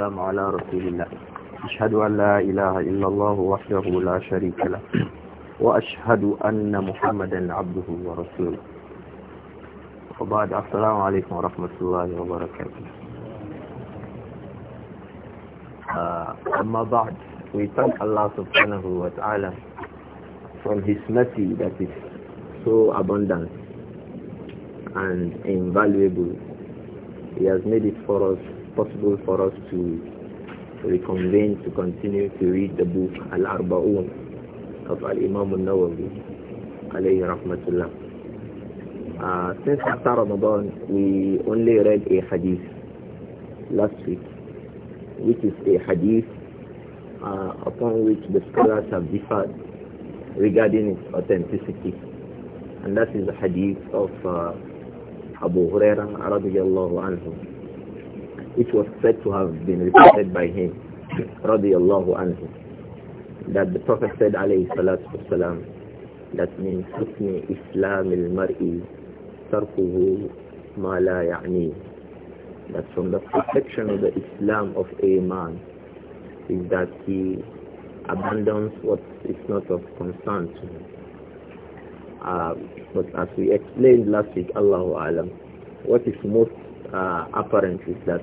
والسلام على رسول الله أشهد أن لا إله إلا الله وحده لا شريك له وأشهد أن محمدا عبده ورسوله وبعد السلام عليكم ورحمة الله وبركاته آه، أما بعد we thank Allah subhanahu wa ta'ala from his mercy that is so abundant and invaluable he has made it for us possible for us to reconvene to continue to read the book Al-Arba'un of Al-Imam al-Nawawi alayhi rahmatullah. Uh, since after Ramadan, we only read a hadith last week, which is a hadith uh, upon which the scholars have differed regarding its authenticity. And that is the hadith of uh, Abu Huraira radiallahu anhu which was said to have been reported by him, radiallahu anhu, that the Prophet said, alayhi salatu wasalam, that means husni islam al-mar'i tarkuhu ma la ya'ni. That from the perfection of the Islam of a man is that he abandons what is not of concern to him. Uh, but as we explained last week, Allahu Alam, what is most uh, apparent is that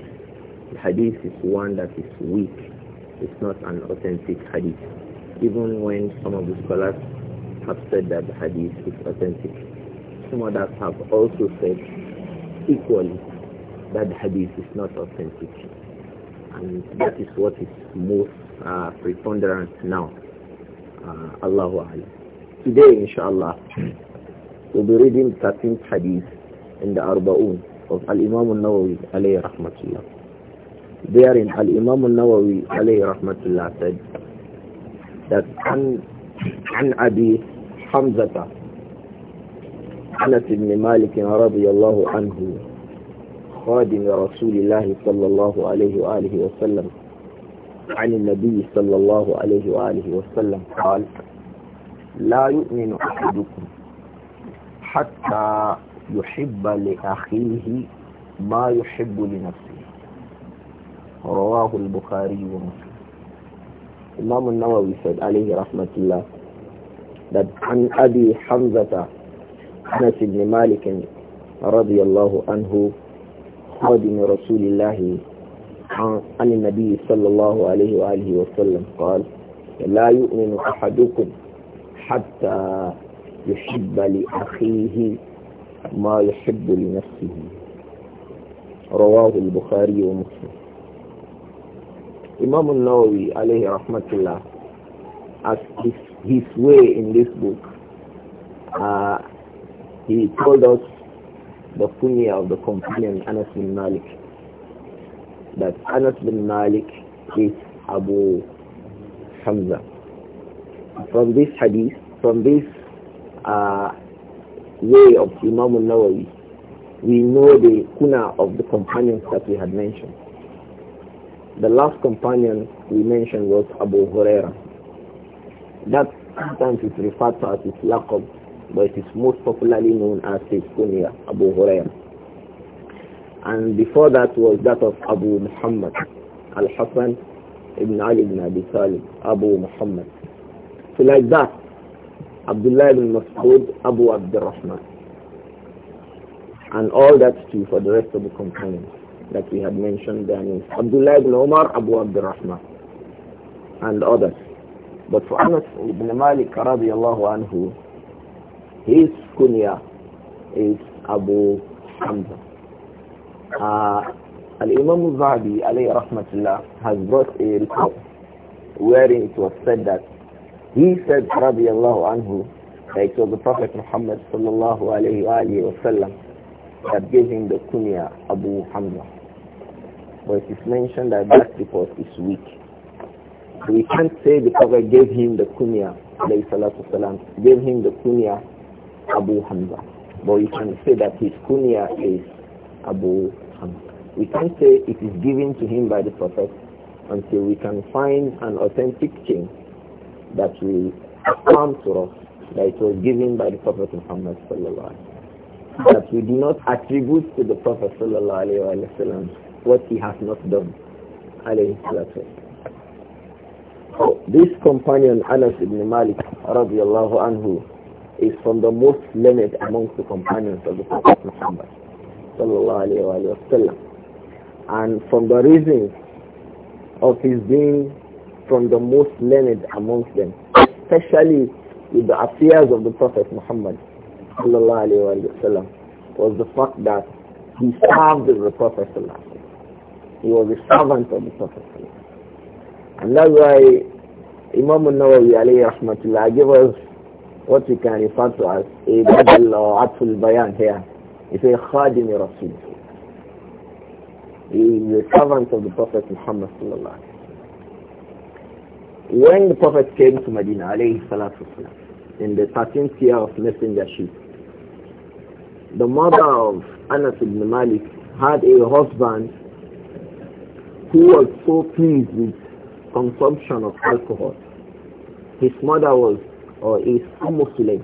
the hadith is one that is weak. It's not an authentic hadith. Even when some of the scholars have said that the hadith is authentic, some others have also said equally that the hadith is not authentic. And that is what is most uh, preponderant now. Uh, Allahu Akbar. Today, inshallah, we'll be reading the 13th hadith in the Arba'un of Al-Imam al-Nawawi alayhi rahmatullah. Therein, الإمام النووي عليه رحمة الله rahmatullah, said عن عن an حمزة Hamzata, بن مالك رضي الله عنه خادم رسول الله صلى الله عليه وآله وسلم عن النبي صلى الله عليه وآله وسلم قال لا يؤمن أحدكم حتى يحب لأخيه ما يحب لنفسه رواه البخاري ومسلم الإمام النووي سيد عليه رحمة الله that عن ابي حمزة انس بن مالك رضي الله عنه خادم رسول الله عن النبي صلى الله عليه وآله وسلم قال لا يؤمن أحدكم حتى يحب لأخيه ما يحب لنفسه رواه البخاري ومسلم Imam al-Nawawi alayhi rahmatullah as his, his way in this book uh, he told us the kunya of the companion Anas bin Malik that Anas bin Malik is Abu Hamza from this hadith from this uh, way of Imam nawawi we know the kuna of the companions that we had mentioned the last companion we mentioned was Abu Huraira. That sometimes is referred to as his laqab, but it is most popularly known as his kunya, Abu Huraira. And before that was that of Abu Muhammad al Hassan ibn Ali ibn Abi Talib, Abu Muhammad. So like that, Abdullah ibn Mas'ud, Abu Abdurrahman. And all that too for the rest of the companions that we had mentioned their names. Abdullah ibn Umar, Abu Abdurrahman, and others. But for Anas ibn Malik radiallahu anhu, his kunya is Abu Hamza. Uh, Al-Imam al-Zahabi alayhi rahmatullah has brought a report wherein it was said that he said radiallahu anhu that it was the Prophet Muhammad sallallahu alayhi wa sallam that gave him the kunya Abu Hamza but it is mentioned that that report is weak. We can't say the Prophet gave him the kunya, gave him the kunya Abu Hamza. But we can say that his kunya is Abu Hamza. We can't say it is given to him by the Prophet until we can find an authentic chain that will affirm to us that it was given by the Prophet Muhammad sallallahu that we do not attribute to the Prophet sallallahu alaihi wasallam what he has not done. So, this companion, Anas ibn Malik, radiallahu anhu, is from the most learned amongst the companions of the Prophet Muhammad, sallallahu alayhi wa sallam. And from the reasons of his being from the most learned amongst them, especially with the affairs of the Prophet Muhammad, sallallahu alayhi wa sallam, was the fact that he served the Prophet sallallahu he was a servant of the Prophet. And that's why Imam al-Nawawi alayhi rahmatullah gave us what we can refer to as a badal or atful bayan here. He said, khadim rasul. He is a servant of the Prophet Muhammad sallallahu When the Prophet came to Medina alayhi salatu in the 13th year of messengership, the mother of Anas ibn Malik had a husband who was so pleased with consumption of alcohol. His mother was, or is Umm Sulaim.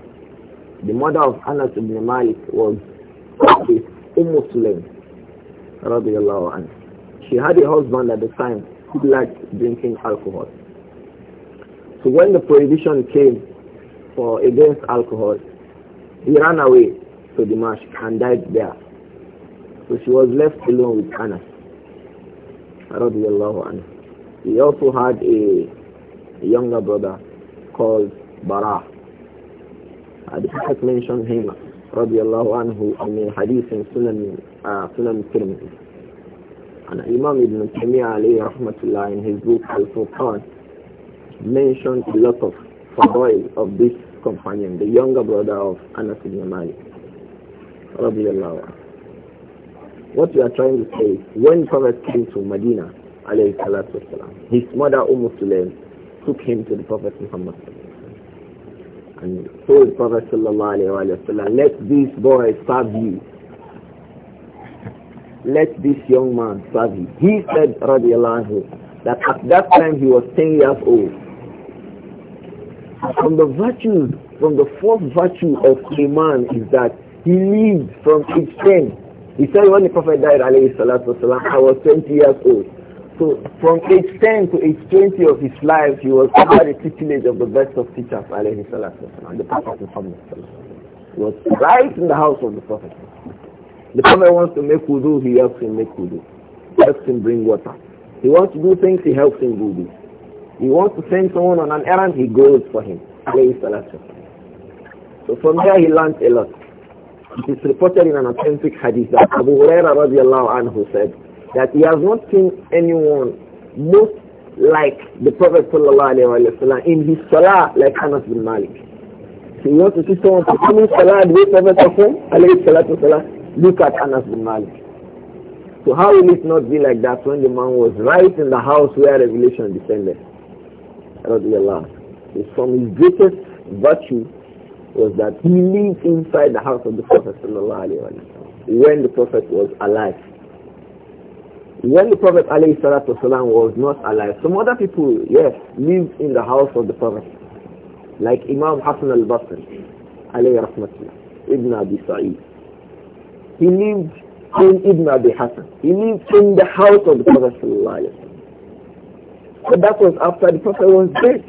The mother of Anas ibn Malik was a Muslim. She had a husband at the time who liked drinking alcohol. So when the prohibition came for against alcohol, he ran away to Dimash and died there. So she was left alone with Anas radiallahu anhu. He also had a younger brother called Bara. I uh, the Prophet mentioned him radiallahu anhu in hadith in Sunan, uh, Sunan Tirmidhi. And Imam Ibn Taymiyyah alayhi rahmatullah in his book Al-Furqan mentioned a lot of fadail of this companion, the younger brother of Anas ibn Malik radiallahu anhu. What we are trying to say is when Prophet came to Medina, his mother Umm Sulaim took him to the Prophet Muhammad. And told the Prophet وسلم, let this boy serve you. Let this young man serve you. He said, radiallahu anhu, that at that time he was 10 years old. From the virtues, from the fourth virtue of a man is that he lived from his 10 he said when the Prophet died, alayhi salatu wasalam, I was 20 years old. So from age 10 to age 20 of his life, he was under the tutelage of the best of teachers, alayhi salatu wasalam, the Prophet Muhammad He was right in the house of the Prophet. The Prophet wants to make wudu, he helps him make wudu. He helps him bring water. He wants to do things, he helps him do this. He wants to send someone on an errand, he goes for him, alayhi salatu So from there he learned a lot. It is reported in an authentic hadith that Abu Huraira radiallahu anhu said that he has not seen anyone most like the Prophet sallallahu in his salah like Anas bin Malik. So you want to see someone performing salah the way Prophet performed look at Anas bin Malik. So how will it not be like that when the man was right in the house where revelation descended? Radiallahu. It's from his greatest virtue was that he lived inside the house of the Prophet when the Prophet was alive. When the Prophet والسلام, was not alive, some other people, yes, lived in the house of the Prophet. Like Imam Hassan al-Basri, Ibn Abi Sa'id. He lived in Ibn Abi Hassan. He lived in the house of the Prophet. So that was after the Prophet was dead.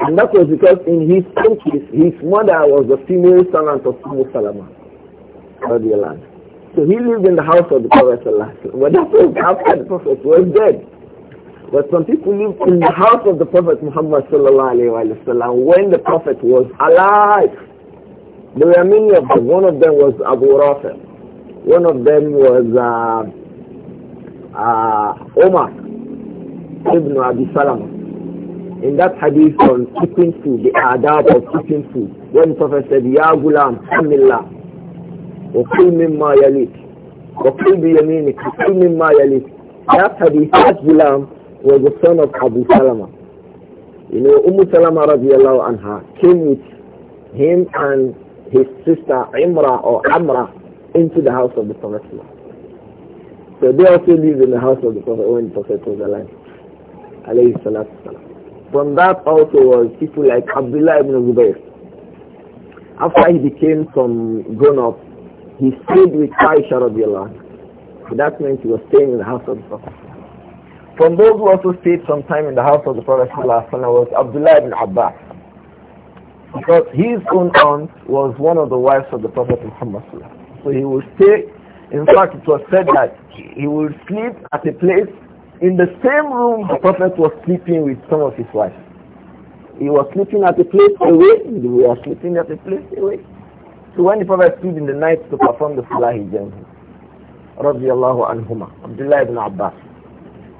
And that was because in his own case, his mother was a female servant of Umm Salama. So he lived in the house of the Prophet But that was after the Prophet was dead. But some people lived in the house of the Prophet Muhammad وسلم, when the Prophet was alive. There were many of them. One of them was Abu Rafa. One of them was uh, uh, Omar ibn Abi Salama in that hadith on keeping food, the adab of keeping food, when Prophet said, Ya Gulam, Hamillah, وكل مما يليك وكل بيمينك وكل مما يليك that hadith that Gulam was the son of Abu Salama you know Umm Salama radiallahu anha came with him and his sister Imra or Amra into the house of the Prophet so they also lived in the house of the Prophet when the Prophet was alive alayhi salatu salam from that also was people like Abdullah ibn Zubayr. After he became some grown-up, he stayed with Aisha radiallahu so That means he was staying in the house of the Prophet. From those who also stayed some time in the house of the Prophet was Abdullah ibn Abbas. Because his own aunt was one of the wives of the Prophet Muhammad So he would stay, in fact it was said that he would sleep at a place in the same room, the Prophet was sleeping with some of his wives. He was sleeping at a place away. We were sleeping at a place away. So when the Prophet stood in the night to perform the Salah, he joined him. Radiallahu anhuma. Abdullah ibn Abbas.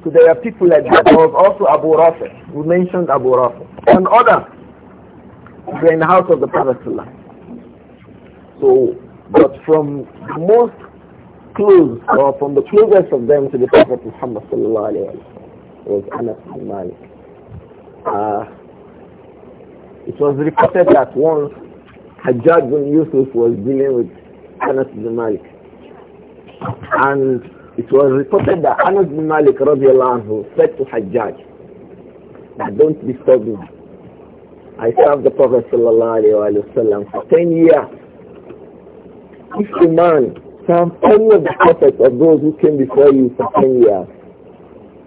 So there are people like that. There was also Abu Rafi. We mentioned Abu Rafi. And others. They were in the house of the Prophet. So, but from most or from the closest of them to the Prophet Muhammad sallallahu alayhi wa was Anas bin Malik. Uh, it was reported that once Hajjaj bin Yusuf was dealing with Anas bin Malik. And it was reported that Anas bin Malik anhu, said to Hajjaj, that don't disturb me. I served the Prophet sallallahu alayhi wa sallam for 10 years. If a man term any of the prophets of those who came before you for 10 years,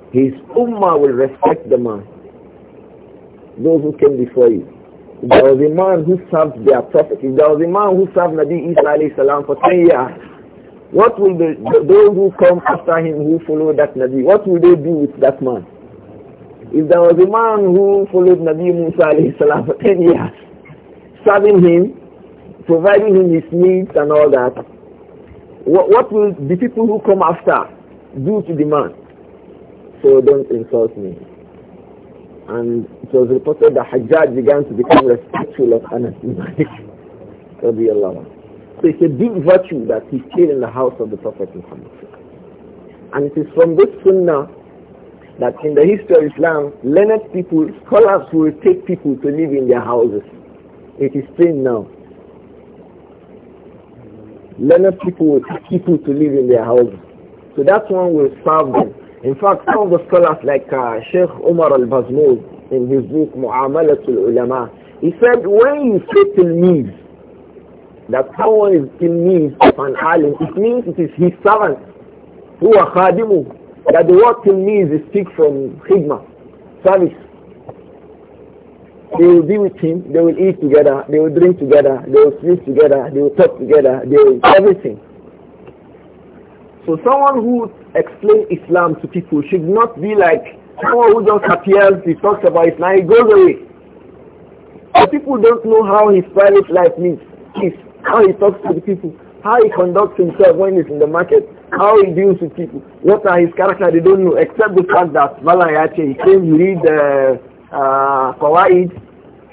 his ummah will respect the man. Those who came before you. If there was a man who served their prophet, if there was a man who served Nabi Isa salam for 10 years, what will the, those who come after him who follow that Nabi, what will they do with that man? If there was a man who followed Nabi Musa salam for 10 years, serving him, providing him his needs and all that, what, what will the people who come after do to the man? So don't insult me. And it was reported that Hajjaj began to become respectful of Anas bin Malik. So it's a big virtue that he stayed in the house of the Prophet Muhammad. And it is from this sunnah that in the history of Islam, learned people, scholars will take people to live in their houses. It is plain now learned people will teach people to live in their houses. So that one will serve them. In fact, some of the scholars like uh, Sheikh Umar al-Bazmoud in his book Mu'amalatul Ulama, he said when you in need, that someone is in need of an alim, it means it is his servant, who are khadimu, that the word need is speak from khidma, service. They will be with him, they will eat together, they will drink together, they will sleep together, they will talk together, they will everything. So someone who explains Islam to people should not be like someone who just appears, he talks about Islam, he goes away. So people don't know how his private life means. is, how he talks to the people, how he conducts himself when he's in the market, how he deals with people, what are his character, they don't know, except the fact that Valayache, he came, he read uh, uh,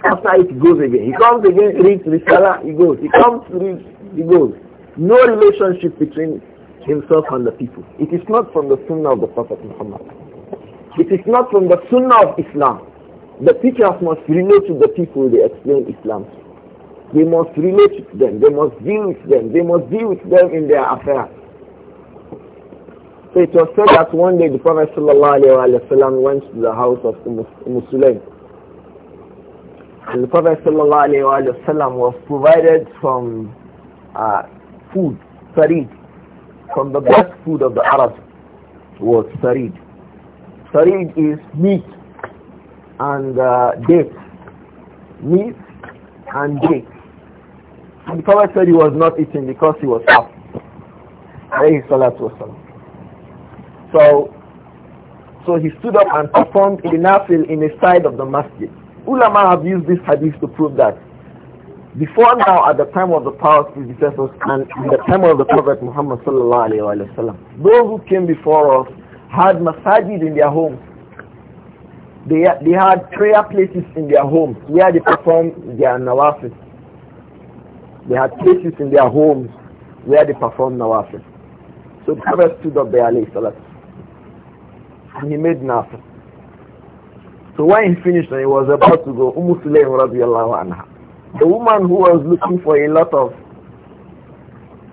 after it goes again. He comes again, reads Risala, he goes. He comes, reads, he goes. No relationship between himself and the people. It is not from the Sunnah of the Prophet Muhammad. It is not from the Sunnah of Islam. The teachers must relate to the people they explain Islam to. They must relate to them. They must deal with them. They must deal with them in their affairs. So it was said that one day the Prophet ﷺ went to the house of Muslim, umm And the Prophet ﷺ was provided from uh, food, sarid. From the best food of the Arabs was sarid. Sarid is meat and uh, dates. Meat and dates. And the Prophet said he was not eating because he was up. Alayhi salatu wasalam. So, so he stood up and performed in nafil in the side of the masjid. Ulama have used this hadith to prove that. Before now, at the time of the past predecessors and in the time of the Prophet Muhammad sallallahu alaihi wasallam, those who came before us had masajid in their homes. They, they had prayer places in their homes where they performed their nawafil. They had places in their homes where they performed nawafil. So the Prophet stood up there alayhi salatu and he made nothing. So when he finished and he was about to go, Umm radiallahu anha, the woman who was looking for a lot of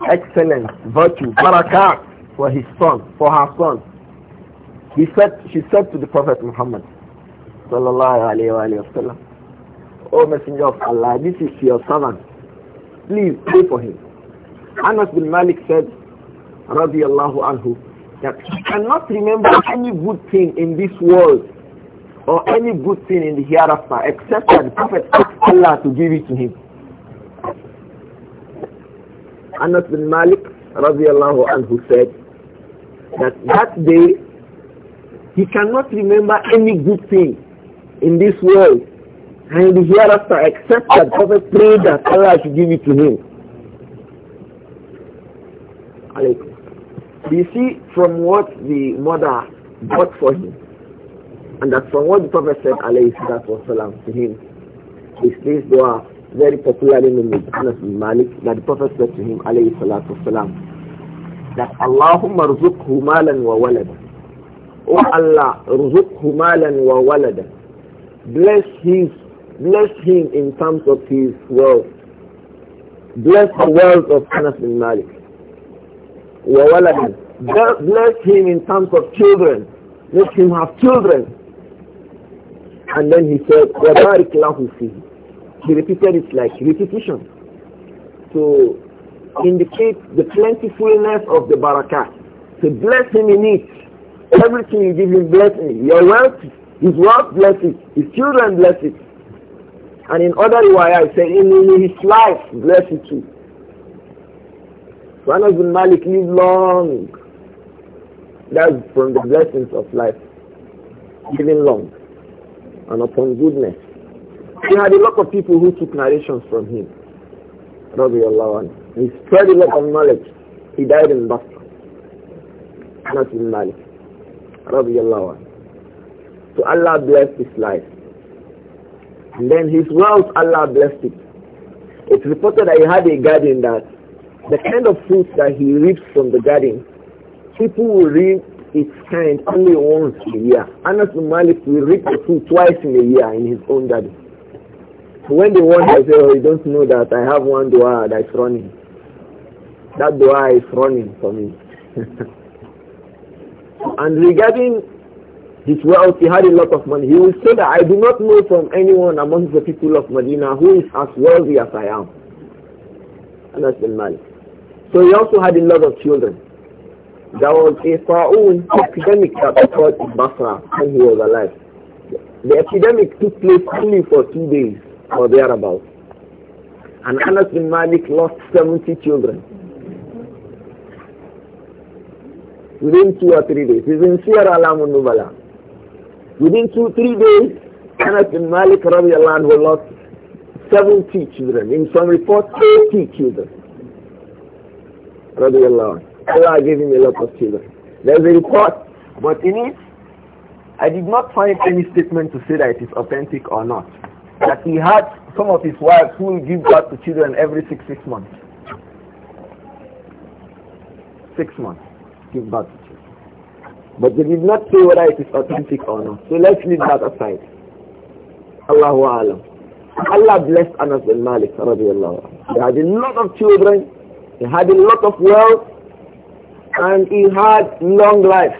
excellence, virtue, barakah for his son, for her son, he said, she said to the Prophet Muhammad sallallahu alayhi wa sallam, O Messenger of Allah, this is your servant. Please pray for him. Anas bin Malik said, radiallahu anhu, that he cannot remember any good thing in this world or any good thing in the hereafter except that the Prophet asked Allah to give it to him. Anas bin Malik radiallahu anhu said that that day he cannot remember any good thing in this world and in the hereafter except that the Prophet prayed that Allah should give it to him. You see from what the mother bought for him, and that from what the Prophet said, alayhi salatu to him, is they are very popularly known as Anas bin Malik, that the Prophet said to him, alayhi salatu wasalam, that Allahumma rizukhu malan wa walada. Oh Allah, rizukhu malan wa walada. Bless his, bless him in terms of his wealth. Bless the wealth of Anas bin Malik. وَوَلَدٍ Bless him in terms of children. Let him have children. And then he said, وَبَارِكْ لَهُ فِيهِ He repeated it like repetition to indicate the plentifulness of the barakah. To bless him in it. Everything you give him, bless him. Your wealth, his wealth, bless it. His children, bless it. And in other way, I say, in his life, bless it too. So Anas bin Malik lived long. That's from the blessings of life. Living long and upon goodness. He had a lot of people who took narrations from him. He spread a lot of knowledge. He died in Basra. Anas bin Malik. So Allah blessed his life. And then his wealth, Allah blessed it. It's reported that he had a garden that the kind of fruit that he reaps from the garden, people will reap its kind only once a year. Anas bin Malik will reap the fruit twice in a year in his own garden. So when they one they say, oh, you don't know that I have one dua that is running. That dua is running for me. and regarding his wealth, he had a lot of money. He will say that I do not know from anyone among the people of Medina who is as wealthy as I am. Anas the Malik. So he also had a lot of children. There was a Fa'un epidemic that occurred in Basra when he was alive. The epidemic took place only for two days or thereabouts. And Anas bin Malik lost 70 children. Within two or three days. He's in Sierra Alamun Nubala. Within two, three days, Anas bin Malik radiallahu who lost 70 children. In some reports, 80 children radiallahu anh. Allah gave him a lot of children. There's a report, but in it, I did not find any statement to say that it is authentic or not. That he had some of his wives who give birth to children every six, six months. Six months, give birth to children. But they did not say whether it is authentic or not. So let's leave that aside. Allahu Alam. Allah blessed Anas bin Malik radiallahu anh. He had a lot of children he had a lot of wealth and he had long life.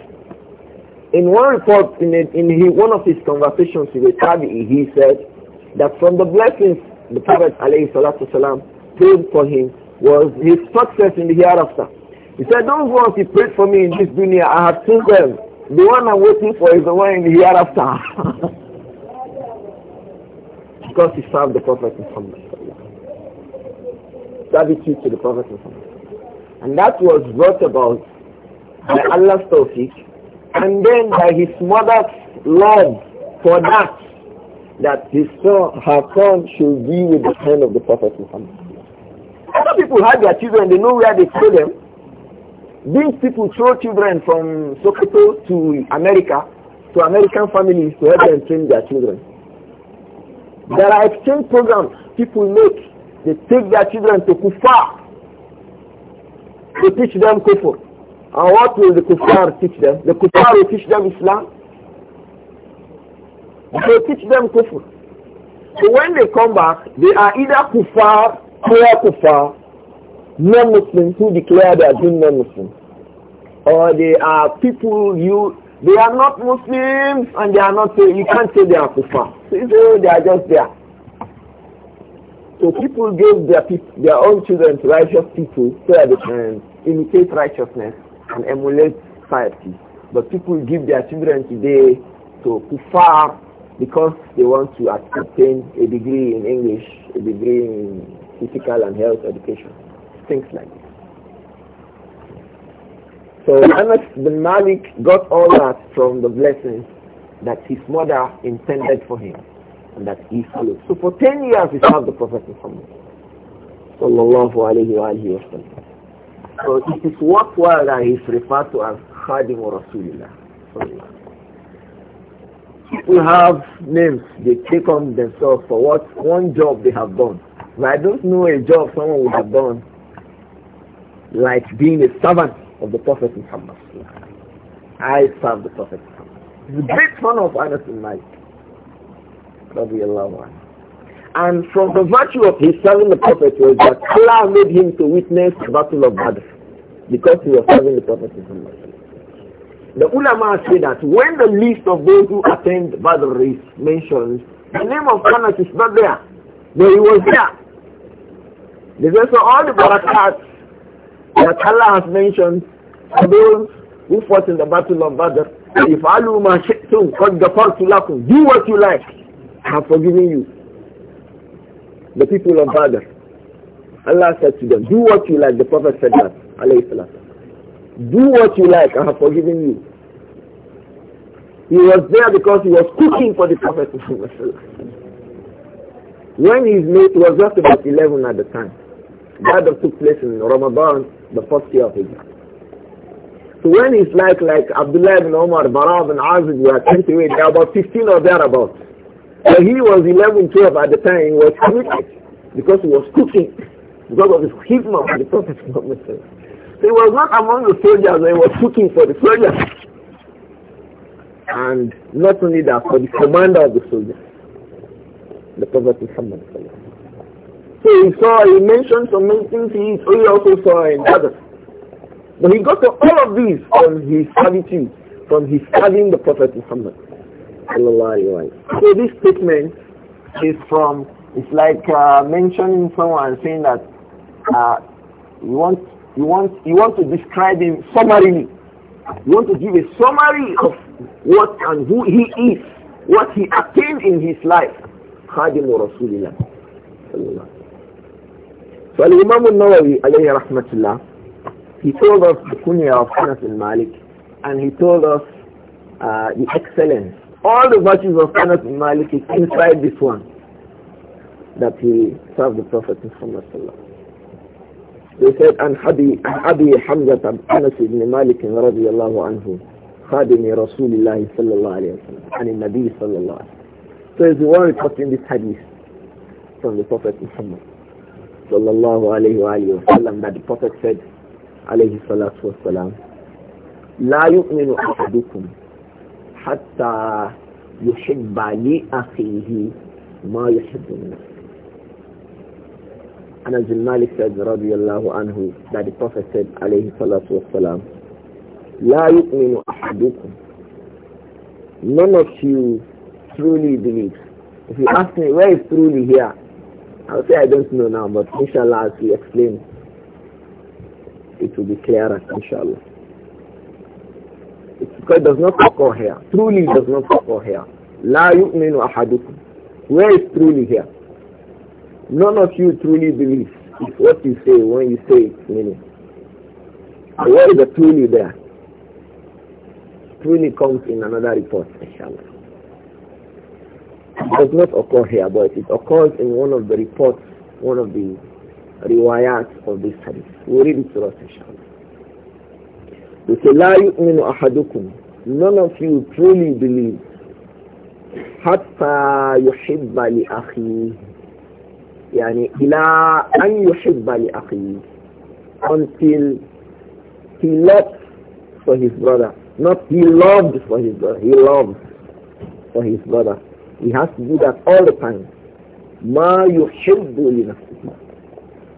In one report, in, a, in his, one of his conversations with Tabi'i, he said that from the blessings the Prophet والسلام, prayed for him was his success in the hereafter. He said, those ones he prayed for me in this dunya, I have seen them. The one I'm waiting for is the one in the hereafter. because he served the Prophet Muhammad servitude to the Prophet And that was brought about by Allah's tawfiq and then by his mother's love for that, that his son, her son should be with the hand of the Prophet Muhammad. Other people had their children, they know where they throw them. These people throw children from Sokoto to America, to American families to help them train their children. There are exchange programs people make they take their children to Kufa to teach them kufr. And what will the Kufa teach them? The Kufa will teach them Islam. They teach them kufr. So when they come back, they are either Kufa, clear Kufa, non-Muslims who declare they are doing non-Muslims. Or they are people you, they are not Muslims and they are not, you can't say they are Kufa. So they are just there. So people gave their, their own children to righteous people so that they can imitate righteousness and emulate piety. But people give their children today to kufar because they want to obtain a degree in English, a degree in physical and health education, things like this. So Anas bin Malik got all that from the blessings that his mother intended for him and that he followed. So for 10 years he served the Prophet Muhammad. Sallallahu alayhi wa alayhi wa sallam. So it is worthwhile that he is referred to as Khadim Rasulullah. People have names they take on themselves for what one job they have done. But I don't know a job someone would have done like being a servant of the Prophet Muhammad. I serve the Prophet Muhammad. He's a great fan of Anas in Malik. And from the virtue of his serving the Prophet was that Allah made him to witness the battle of Badr because he was serving the Prophet The ulama say that when the list of those who attend Badr is mentioned, the name of Anas is not there, but he was there. They say so all the barakats that Allah has mentioned for those who fought in the battle of Badr, if Alu ma shi'tum, do what you like have forgiven you. The people of Badr, Allah said to them, do what you like. The Prophet said that, "Allah salam. Do what you like, I have forgiven you. He was there because he was cooking for the Prophet When his mate was just about 11 at the time, Badr took place in Ramadan, the first year of Hijrah. So when it's like like Abdullah ibn Omar, Barab and Azib were sent away, there are about 15 or thereabouts. When he was 11, 12 at the time, he was cooking because he was cooking, because of his of the Prophet Muhammad. So he was not among the soldiers, he was cooking for the soldiers. And not only that, for the commander of the soldiers, the Prophet Muhammad. So he saw, he mentioned so many things he, he also saw in others. But he got to all of these from his servitude, from his serving the Prophet Muhammad. So this statement is from, it's like uh, mentioning someone saying that uh, you want you want you want to describe him summarily. You want to give a summary of what and who he is, what he attained in his life. خادم رسول الله صلى الله فالإمام النووي عليه رحمة الله he told us the kunya of Anas al-Malik and he told us uh, the excellence all the virtues of Anas bin Malik is inside this one that he served the Prophet Muhammad they said عن حبي عن أبي حمزة بن أنس بن مالك رضي الله عنه خادم رسول الله صلى الله عليه وسلم عن النبي صلى الله عليه وسلم. So it's the one reporting this hadith from the Prophet Muhammad صلى الله عليه وآله وسلم that the Prophet said عليه الصلاة والسلام لا يؤمن أحدكم حتى يحب لأخيه ما يحب النفس Anas bin Malik said radiallahu anhu that the Prophet said alayhi salatu wasalam La yu'minu ahadukum None of you truly believes. If you ask me where is truly here, I'll say I don't know now but inshallah as we explain it will be clearer inshallah. Because it does not occur here. Truly does not occur here. La yu'minu ahadukum. Where is truly here? None of you truly believes. what you say when you say it, meaning. where is the truly there? Truly comes in another report, inshallah. It does not occur here, but it occurs in one of the reports, one of the riwayat of this hadith. We read it to us, inshallah. They say, La yu'minu ahadukum. None of you truly believe. Hatta yuhibba li akhihi. Yani, ila an yuhibba li Until he loved for his brother. Not he loved for his brother. He loved for his brother. He has to do that all the time. Ma yuhibbu li nafsihi.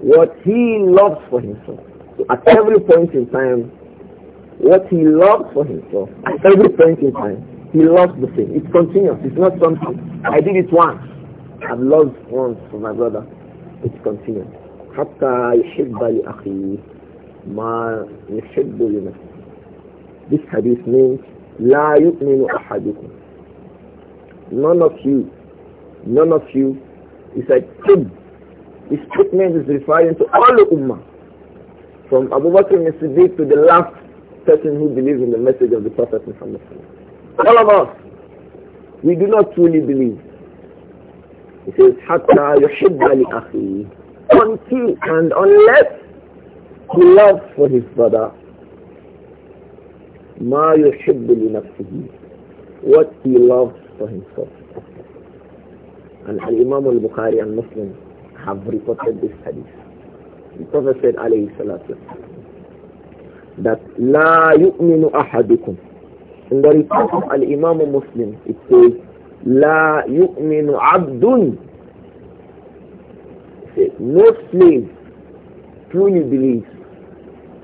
What he loves for himself. So at every point in time, what he loves for himself every point in time, he loves the same. It's continuous. It's not something. I did it once. I've loved once for my brother. It's continuous. حتى يحب لأخيه ما يحب لنفسه. This hadith means لا يؤمن أحدكم. None of you, none of you He said, kid. This statement is referring to all the ummah. From Abu Bakr al-Siddiq to the last person who believes in the message of the Prophet Muhammad. All of us, we do not truly believe. He says, حَتَّى يُحِبَّ لِأَخِيهِ Until and unless he loves for his brother, ma يُحِبُّ nafsihi, What he loves for himself. And Al-Imam al-Bukhari and Muslim have reported this hadith. The Prophet said, alayhi salatu that la yu'minu ahadukum. In the report of Al-Imam Muslim, it says, la yu'minu abdun. It says, no slave truly believes.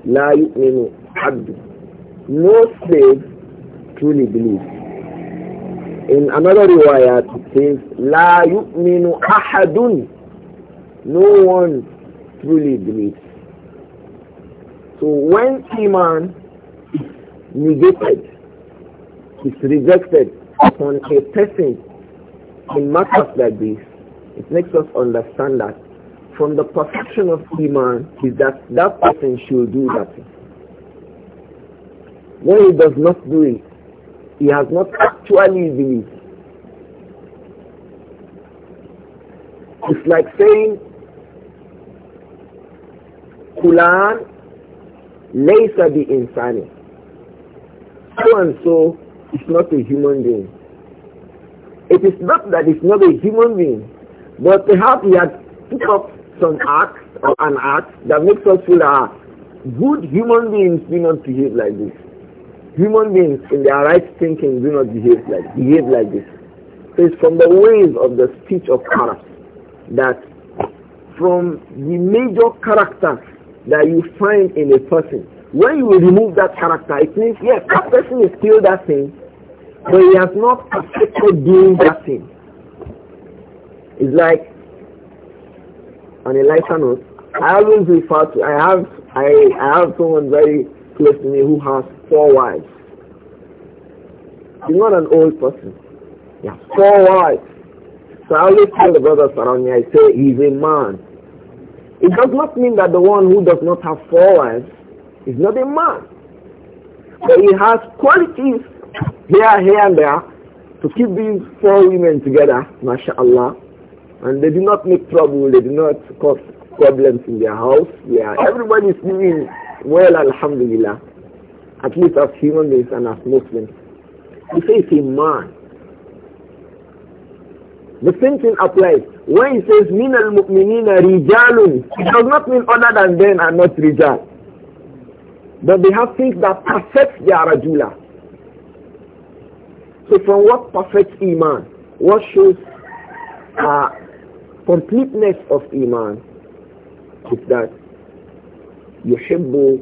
La yu'minu abdun. No slave truly believes. In another riwayat, it says, la yu'minu ahadun. No one truly believes. So when Iman is negated, is rejected upon a person in matters like this, it makes us understand that from the perfection of Iman is that that person should do that. When he does not do it, he has not actually believed. It's like saying, Quran Laysa bi insani. So and so is not a human being. It is not that it's not a human being, but perhaps he has picked up some act or an act that makes us feel that ah, good human beings do not behave like this. Human beings in their right thinking do not behave like behave like this. So it's from the ways of the speech of Arabs that from the major characters that you find in a person. When you remove that character, it means, yes, that person is still that thing, but he has not accepted doing that thing. It's like, on a lighter note, I always refer to, I have, I, I have someone very close to me who has four wives. He's not an old person. He has four wives. So I always tell the brothers around me, I say, he's a man. It does not mean that the one who does not have four wives is not a man. But he has qualities here, here and there to keep these four women together, mashallah. And they do not make trouble, they do not cause problems in their house. Yeah, everybody is living well, alhamdulillah. At least as human beings and as Muslims. He says a man. The same thing applies. When he says, min al-mu'minina rijalun, it does not mean other than them are not rijal. But they have things that perfect their rajula. So from what perfects Iman? What shows uh, completeness of Iman is that يحب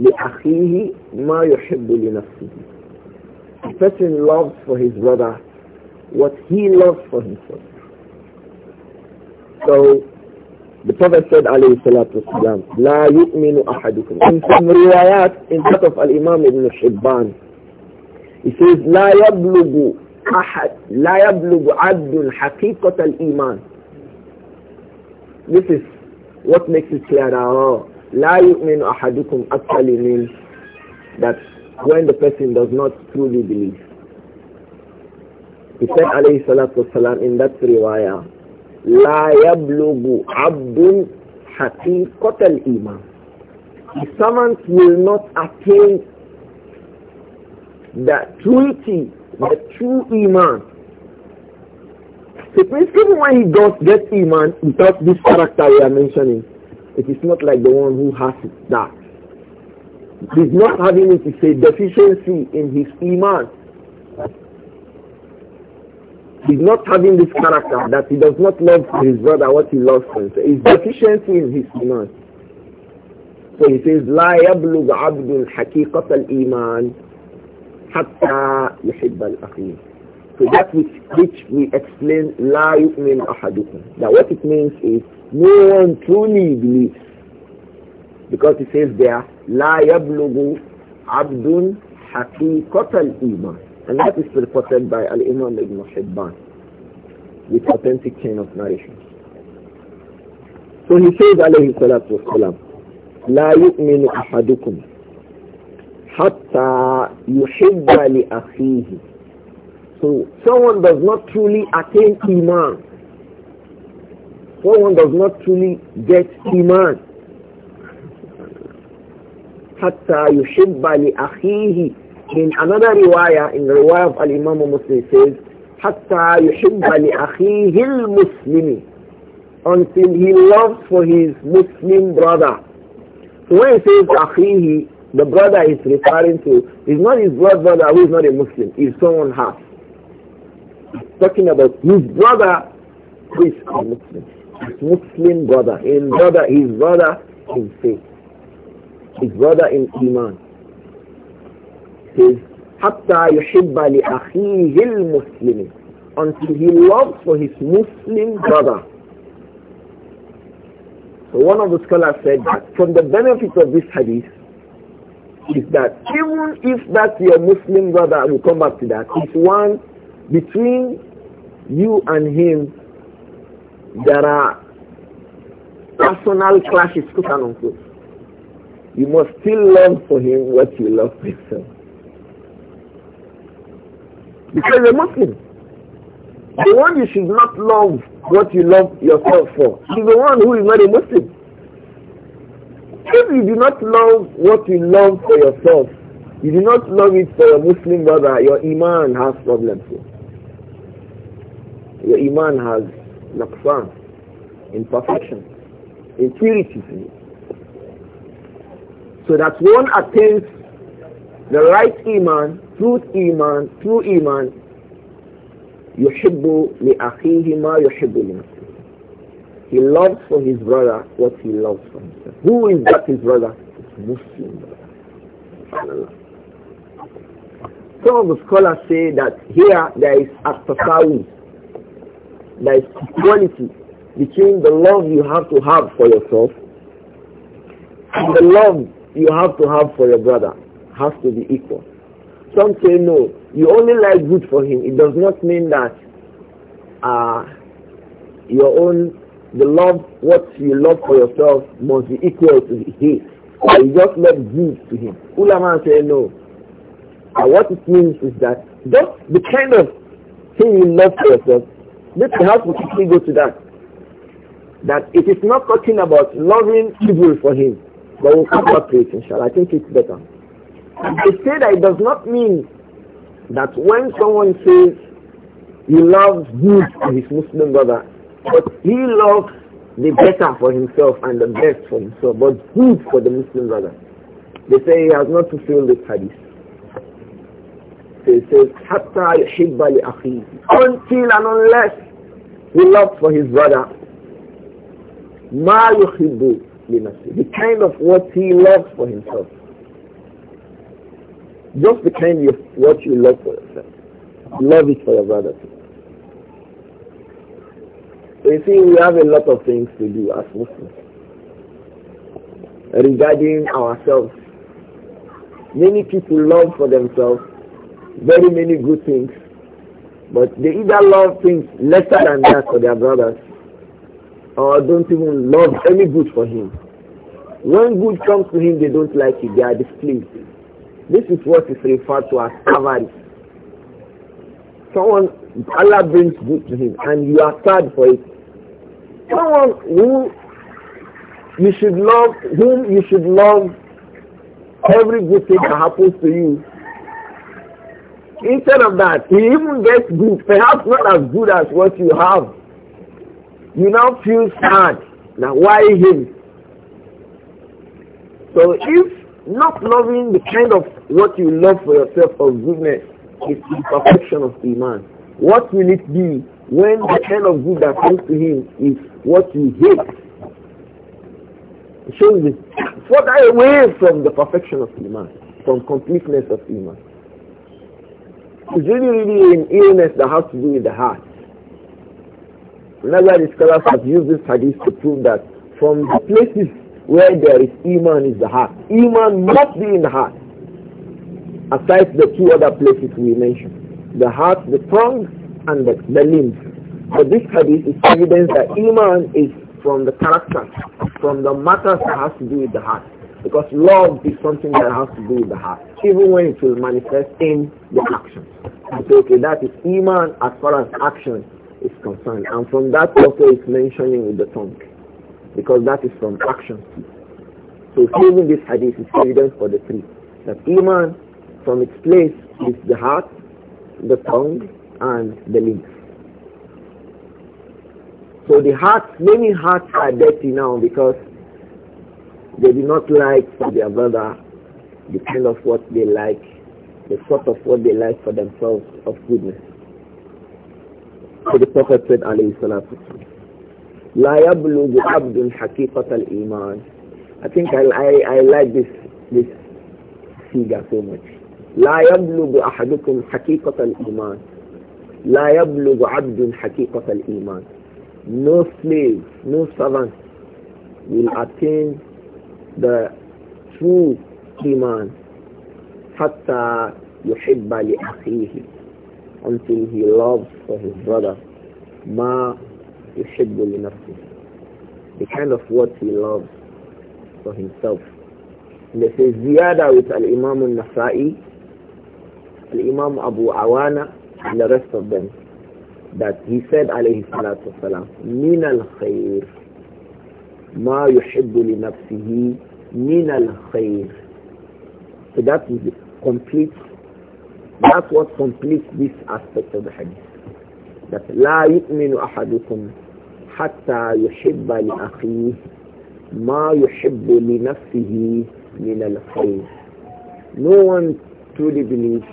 لأخيه ما يحب li A person loves for his brother what he loves for himself. So the Prophet said alayhi salatu wasalam, La yu'minu ahadukum. In some riwayat, in that of Al-Imam Ibn Shibban, he says, La yablugu ahad, la yablugu abdun haqiqat al-iman. This is what makes it clear now. Oh, la yu'minu ahadukum actually means that when the person does not truly believe. He said, alayhi salatu wasalam, in that riwayah, لا يبلغ عبد حقيقة الإيمان. The servant will not attain the truity, the true Iman. So please, even when he does get Iman without this character we are mentioning, it is not like the one who has it that. He's not having it, it's a deficiency in his Iman. He's not having this character that he does not love his brother what he loves him. So deficiency in his iman. So he says, لا يبلغ عبد حقيقة الإيمان حتى يحب الأخير. So that which, which we explain, لا يؤمن أحدكم. Now what it means is, no one truly believes. Because he says there, لا يبلغ عبد حقيقة الإيمان. And that is reported by Al-Imam Ibn Hibban with authentic chain of narration. So he says alayhi salatu wasalam, لا يؤمن أحدكم حتى يحب لأخيه So someone does not truly attain Iman. Someone does not truly get Iman. حتى يحب لأخيه in another riwayah, in the riwayah of Al-Imam Muslim says, حَتَّى يُحِبَّ لِأَخِيهِ الْمُسْلِمِ Until he loves for his Muslim brother. So when he says أَخِيهِ, the brother he's referring to is not his blood brother who is not a Muslim, He's someone half. talking about his brother who is a Muslim. His Muslim brother, in brother, his brother in faith, his brother in Iman says, حَتَّى يُحِبَّ لِأَخِيهِ الْمُسْلِمِ Until he loves for his Muslim brother. So one of the scholars said that from the benefit of this hadith is that even if that's your Muslim brother, will come back to that, it's one between you and him, there are personal clashes, quote unquote. You must still love for him what you love for yourself. Because you're Muslim. The one you should not love what you love yourself for is the one who is not a Muslim. If you do not love what you love for yourself, you do not love it for your Muslim brother, your Iman has problems. Your Iman has naqsan, imperfection, impurities So that one attains the right iman, truth iman, true iman, يحب لأخيه ما يحب لنفسه. He loves for his brother what he loves for himself. Who is that his brother? It's Muslim brother. Some of the scholars say that here there is at-tasawi. There is equality between the love you have to have for yourself and the love you have to have for your brother has to be equal. Some say no, you only like good for him. It does not mean that uh, your own, the love, what you love for yourself must be equal to his. you just love good to him. Ulama say no. And what it means is that just the kind of thing you love for yourself, this the house quickly go to that. That it is not talking about loving evil for him, but we'll come back to it inshallah. I think it's better. They say that it does not mean that when someone says he loves good to his Muslim brother, but he loves the better for himself and the best for himself, but good for the Muslim brother. They say he has not fulfilled this hadith. They say, says, حَتَّى يُحِبَّ Until and unless he loves for his brother, ma يُحِبُّ لِنَفْسِهِ The kind of what he loves for himself. Just became your what you love for yourself. Love is for your brother So you see, we have a lot of things to do as Muslims regarding ourselves. Many people love for themselves very many good things, but they either love things lesser than that for their brothers or don't even love any good for him. When good comes to him, they don't like it. They are displeased. This is what is referred to as avarice. Someone, Allah brings good to him and you are sad for it. Someone who you should love, whom you should love every good thing that happens to you. Instead of that, he even gets good, perhaps not as good as what you have. You now feel sad. Now why him? So if not loving the kind of what you love for yourself of goodness is the perfection of Iman. What will it be when the kind of good that comes to him is what you hate? Shows it further away from the perfection of Iman, from completeness of Iman. It's really, really an illness that has to do with the heart. Another scholars have used this hadith to prove that from the places where there is Iman is the heart. Iman must be in the heart aside the two other places we mentioned, the heart, the tongue, and the, the limbs. But this hadith is evidence that iman is from the character, from the matters that has to do with the heart. Because love is something that has to do with the heart, even when it will manifest in the actions. So, okay, that is iman as far as action is concerned. And from that also it's mentioning with the tongue, because that is from action. So even this hadith is evidence for the three. That iman from its place is the heart, the tongue, and the lips. So the hearts, many hearts are dirty now because they do not like for their brother the kind of what they like, the sort of what they like for themselves of goodness. So the Prophet said, alayhi salatu لا I think I, I, I like this this figure so much. لا يبلغ أحدكم حقيقة الإيمان لا يبلغ عبد حقيقة الإيمان No slave, no servant will attain the true iman حتى يحب لأخيه until he loves for his brother ما يحب لنفسه the kind of what he loves for himself and they say زيادة with al-imam al-nasai Imam Abu Awana and the rest of them that he said alayhi salatu wasalam min al khair ma yuhibbu li nafsihi min al khair so that is complete that's what completes this aspect of the hadith that la yu'minu ahadukum hatta yuhibba li akhihi ma yuhibbu li nafsihi min al khair no one truly believes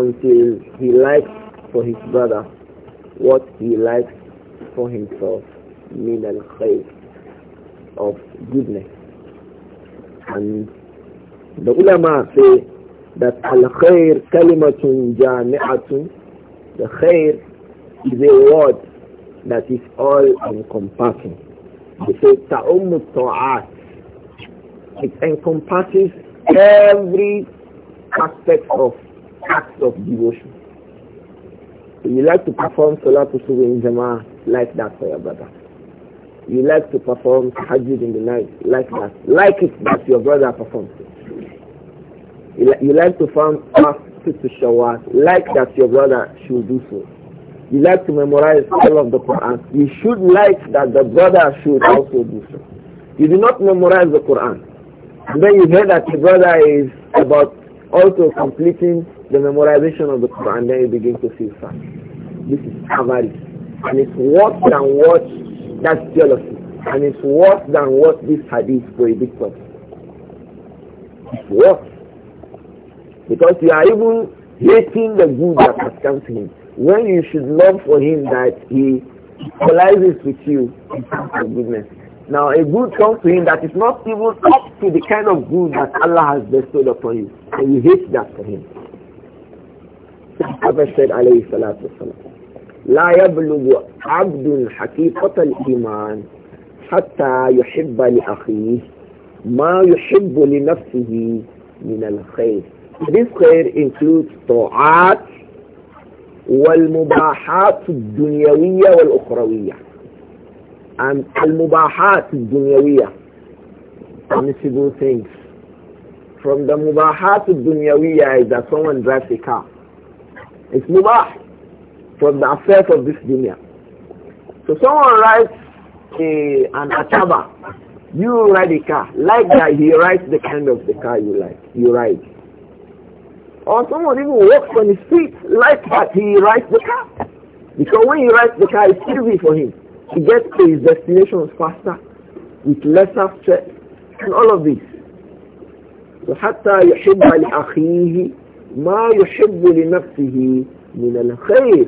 until he likes for his brother what he likes for himself min al of goodness and the ulama say that al khair kalimatun jami'atun the khair is a word that is all encompassing they say ta'ummu ta'at it encompasses every aspect of acts of devotion. So you like to perform salat Subu in Jama'ah like that for your brother. You like to perform hajj in the night like that. Like it that your brother performs it. You, li you like to form fast to Shawwat like that your brother should do so. You like to memorize all of the Quran. You should like that the brother should also do so. You do not memorize the Quran. And then you hear that your brother is about also completing the memorization of the Quran, then you begin to feel sad. This is avarice. And it's worse than what that's jealousy. And it's worse than what this hadith prohibits It's worse. Because you are even hating the good that has come to him. When you should love for him that he collides with you in terms of goodness. Now, a good comes to him that is not even up to the kind of good that Allah has bestowed upon him. And you hate that for him. Prophet said, alayhi salatu wasalam, لا يبلغ عبد حقيقة الإيمان حتى يحب لأخيه ما يحب لنفسه من الخير. This خير includes طاعات والمباحات الدنيوية والأخروية. and al-mubahat is permissible things. From the mubahat dunyawiyah is that someone drives a car. It's mubah from the affairs of this dunya. So someone rides a, an ataba. You ride a car. Like that, he rides the kind of the car you like. You ride. Or someone even walks on his feet. Like that, he rides the car. Because when he rides the car, it's easy for him. He gets to his destination faster, with lesser stress, and all of this. وحتى يحب لأخيه ما يحب لنفسه من الخير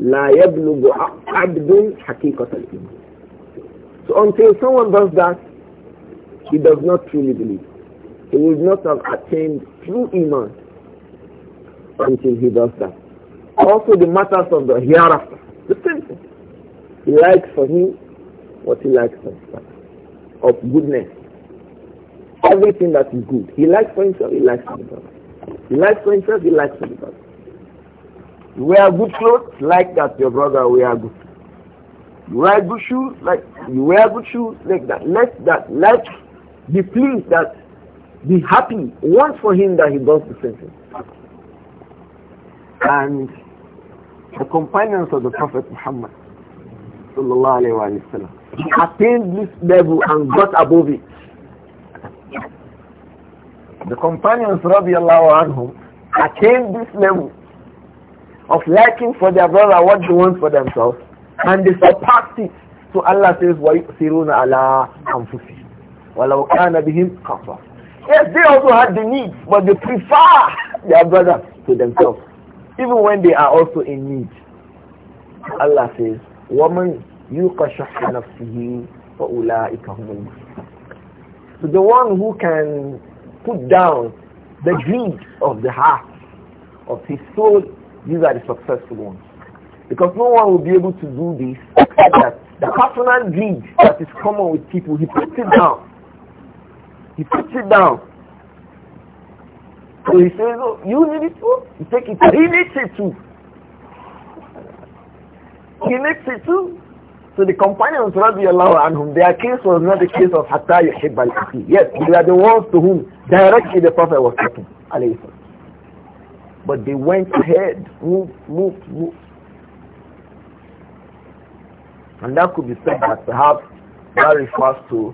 لا يبلغ عبد حقيقة الإيمان. So until someone does that, he does not truly believe. He will not have attained true Iman until he does that. Also the matters of the hereafter, the same thing. He likes for him what he likes for himself of goodness. Everything that is good. He likes for himself, he likes for himself. He likes for himself, he likes for himself. You wear good clothes, like that your brother wear good. You wear good shoes, like you wear good shoes, like that. Let that let be pleased that be happy. Want for him that he does the same thing. And the companions of the Prophet Muhammad he attained this level and got above it. The companions radiallahu anhum attained this level of liking for their brother what they want for themselves and they surpassed it. So Allah says, وَيُؤْثِرُونَ عَلَىٰ أَنفُسِهِمْ وَلَوْ كَانَ بِهِمْ قَصَرٌ Yes, they also had the need, but they prefer their brother to themselves, even when they are also in need. Allah says, وَمَنْ يُوقَ شَحَّ نَفْسِهِ فَأُولَٰئِكَ هُمُ So the one who can put down the greed of the heart, of his soul, these are the successful ones. Because no one will be able to do this except that the personal greed that is common with people, he puts it down. He puts it down. So he says, oh, you need it too? You take it. He needs it too. He makes it So the companions, radiallahu anhum, their case was not the case of hatta yuhib al Yes, they are the ones to whom directly the Prophet was talking, But they went ahead, moved, moved, moved. And that could be said that perhaps that refers to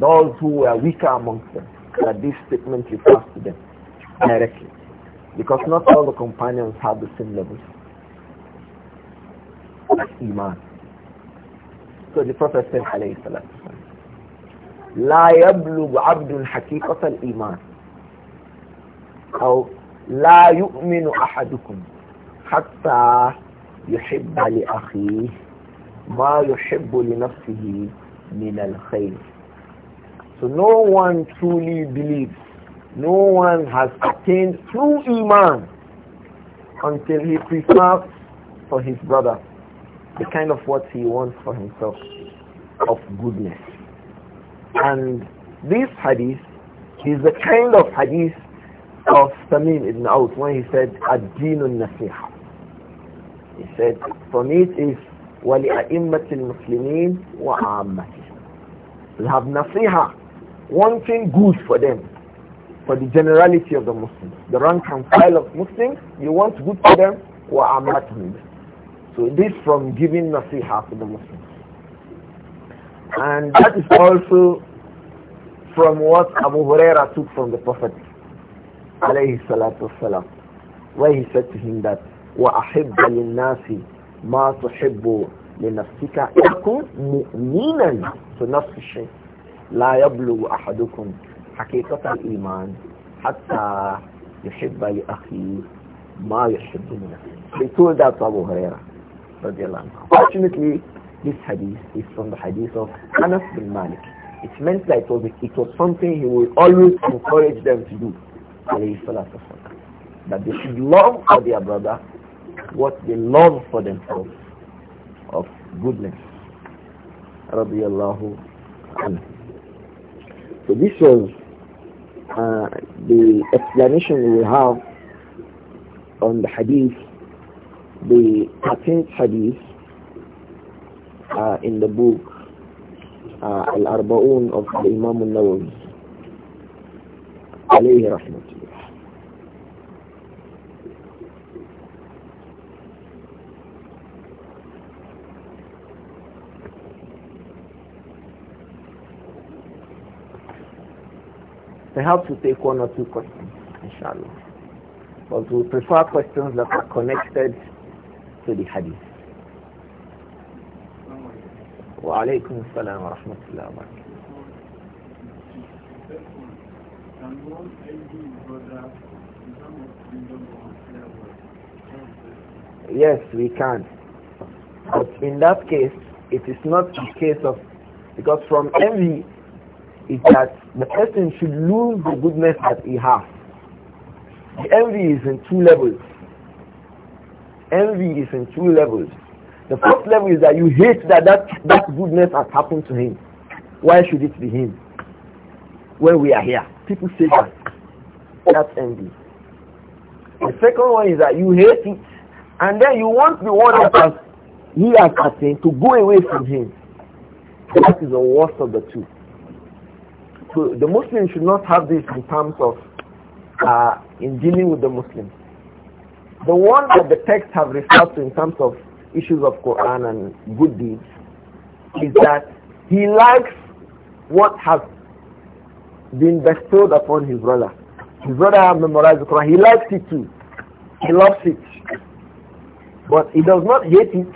those who were weaker amongst them, that this statement refers to them directly. Because not all the companions have the same levels. الإيمان قال البروفيسور عليه السلام لا يبلغ عبد حقيقة الإيمان أو لا يؤمن أحدكم حتى يحب لأخيه ما يحب لنفسه من الخير So no one truly believes, no one has attained true Iman until he prepares for his brother. the kind of what he wants for himself of goodness. And this hadith is the kind of hadith of Tamim ibn Out when he said, Ad-Dinun Nasiha. He said, from it is, وَلِأَئِمَّةِ الْمُسْلِمِينَ وَعَامَّتِهِمْ We have Nasiha, wanting good for them, for the generality of the Muslims. The rank and file of Muslims, you want good for them, وَعَامَّتِهِمْ so this from giving nasiha to the Muslims. And that is also from what Abu Huraira took from the Prophet alayhi salatu wasalam, where he said to him that وَأَحِبَّ لِلنَّاسِ مَا تُحِبُّ لنفسك يكن مؤمنا في نفس الشيء لا يبلغ أحدكم حقيقة الإيمان حتى يحب لأخيه ما يحب لنفسه. He told that to Abu Huraira. Fortunately, this hadith is from the hadith of Anas bin Malik. It meant that it was, it was something he would always encourage them to do. That they should love for their brother what they love for themselves of goodness. So this was uh, the explanation we have on the hadith the 13th hadith uh, in the book uh, Al-Arba'un of the Imam al-Nawawi alayhi rahmatullah Perhaps we we'll take one or two questions, inshallah. But we we'll prefer questions that are connected to the وعليكم السلام ورحمة الله. Yes, we can. But in that case, it is not a case of, because from envy is that the person should lose the goodness that he has. The envy is in two levels envy is in two levels. The first level is that you hate that that, that goodness has happened to him. Why should it be him? When we are here, people say that. That's envy. The second one is that you hate it, and then you want the one that has, he has attained to go away from him. That is the worst of the two. So the Muslim should not have this in terms of uh, in dealing with the Muslims. The one that the text have referred to in terms of issues of Quran and good deeds is that he likes what has been bestowed upon his brother. His brother memorized the Quran. He likes it too. He loves it. But he does not hate it.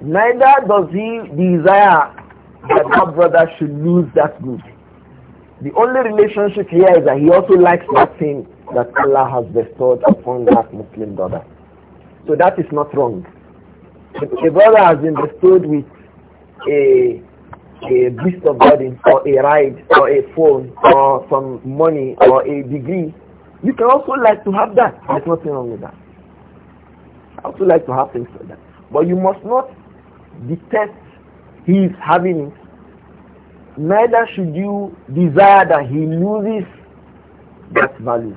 Neither does he desire that that brother should lose that good. The only relationship here is that he also likes that thing that Allah has bestowed upon that Muslim brother. So that is not wrong. A brother has been bestowed with a a beast of burden or a ride or a phone or some money or a degree, you can also like to have that. There's nothing wrong with that. I also like to have things like that. But you must not detest his having it. Neither should you desire that he loses that value.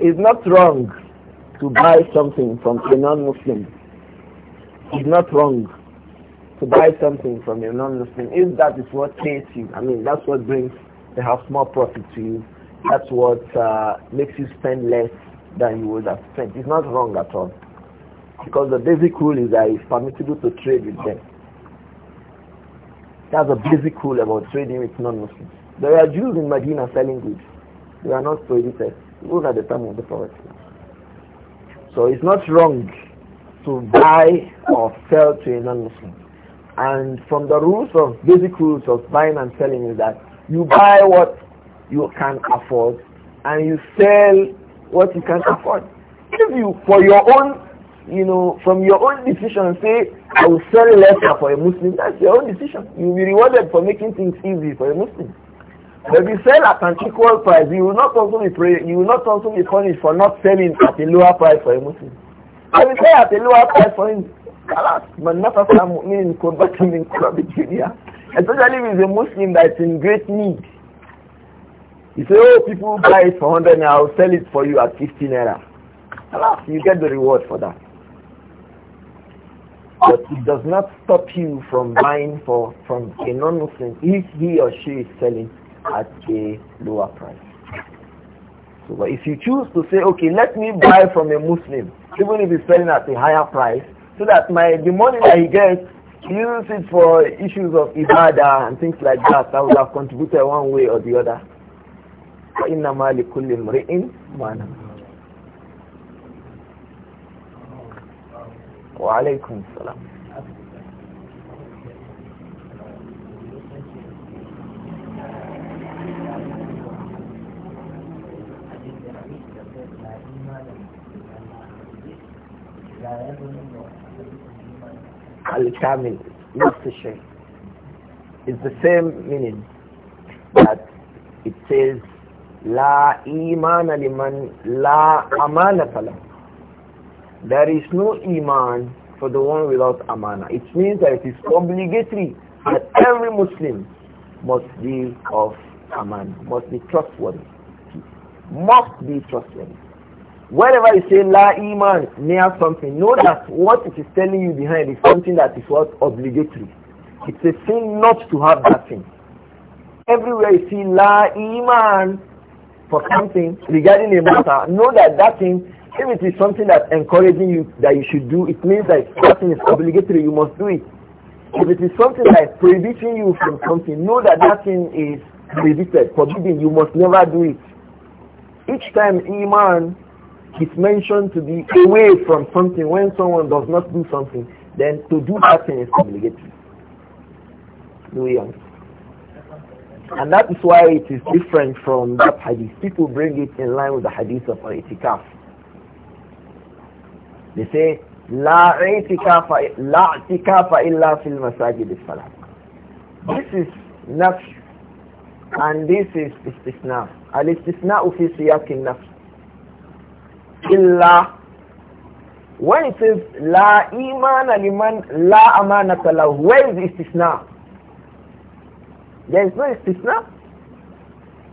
It's not wrong to buy something from a non-Muslim. It's not wrong to buy something from a non-Muslim if that is what pays you. I mean, that's what brings perhaps more profit to you. That's what uh, makes you spend less than you would have spent. It's not wrong at all. Because the basic rule is that it's permissible to trade with them have a basic rule about trading with non-Muslims. There are Jews in Medina selling goods. They are not prohibited, even at the time of the Prophet. So it's not wrong to buy or sell to a non-Muslim. And from the rules of basic rules of buying and selling is that you buy what you can afford and you sell what you can afford. If you, for your own you know, from your own decision, say, I will sell lesser for a Muslim, that's your own decision. You'll be rewarded for making things easy for a Muslim. But if you sell at an equal price, you will not also be pray, you will not also be punished for not selling at a lower price for a Muslim. I will sell at a lower price for him. Kalas, man nafasa mu'min converting min kurabi dunya. Especially if it's a Muslim that's in great need. You say, oh, people buy it for 100 naira, I'll sell it for you at 50 naira. Kalas, you get the reward for that. But it does not stop you from buying for from a non-Muslim if he or she is selling at a lower price. So but if you choose to say, okay, let me buy from a Muslim, even if he's selling at a higher price, so that my the money that he gets, he uses it for issues of ibadah and things like that, that would have contributed one way or the other. فإنما لكل امرئ ما wa alaikum salam Al-Kamil, not is the same meaning that it says, La imana liman la amana falam. There is no iman for the one without amana. It means that it is obligatory that every Muslim must be of aman, must be trustworthy. Must be trustworthy. Whenever you say la iman near something, know that what it is telling you behind is something that is what obligatory. It's a sin not to have that thing. Everywhere you see la iman for something regarding a matter, know that that thing if it is something that encouraging you that you should do, it means that something is obligatory, you must do it. If it is something that is prohibiting you from something, know that that thing is prohibited, forbidden, you must never do it. Each time Iman is mentioned to be away from something when someone does not do something, then to do that thing is obligatory. And that is why it is different from that hadith. People bring it in line with the hadith of itikaf. They say, La itikafa illa fil masajid salat. This is nafs and this is istisna. Al-istisna fi siyaq nafs Illa when it says la iman liman la amanata lahu, where is istisna? There is no istisna.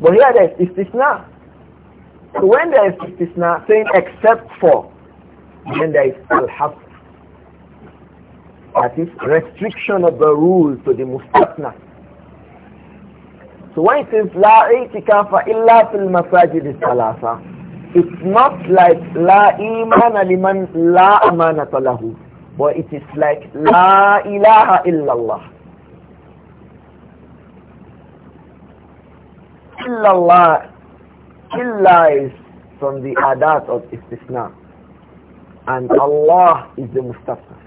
But here there is istisna. So when there is istisna, saying except for, then there is al-haf, that is restriction of the rule to the mustaqna. So when it says la itikafa illa fil it's not like la إِيمَانَ لِمَنْ لا amanata لَهُ, but it is like la ilaha illallah. Illallah, illa is from the adat of istisna and Allah is the Mustafa.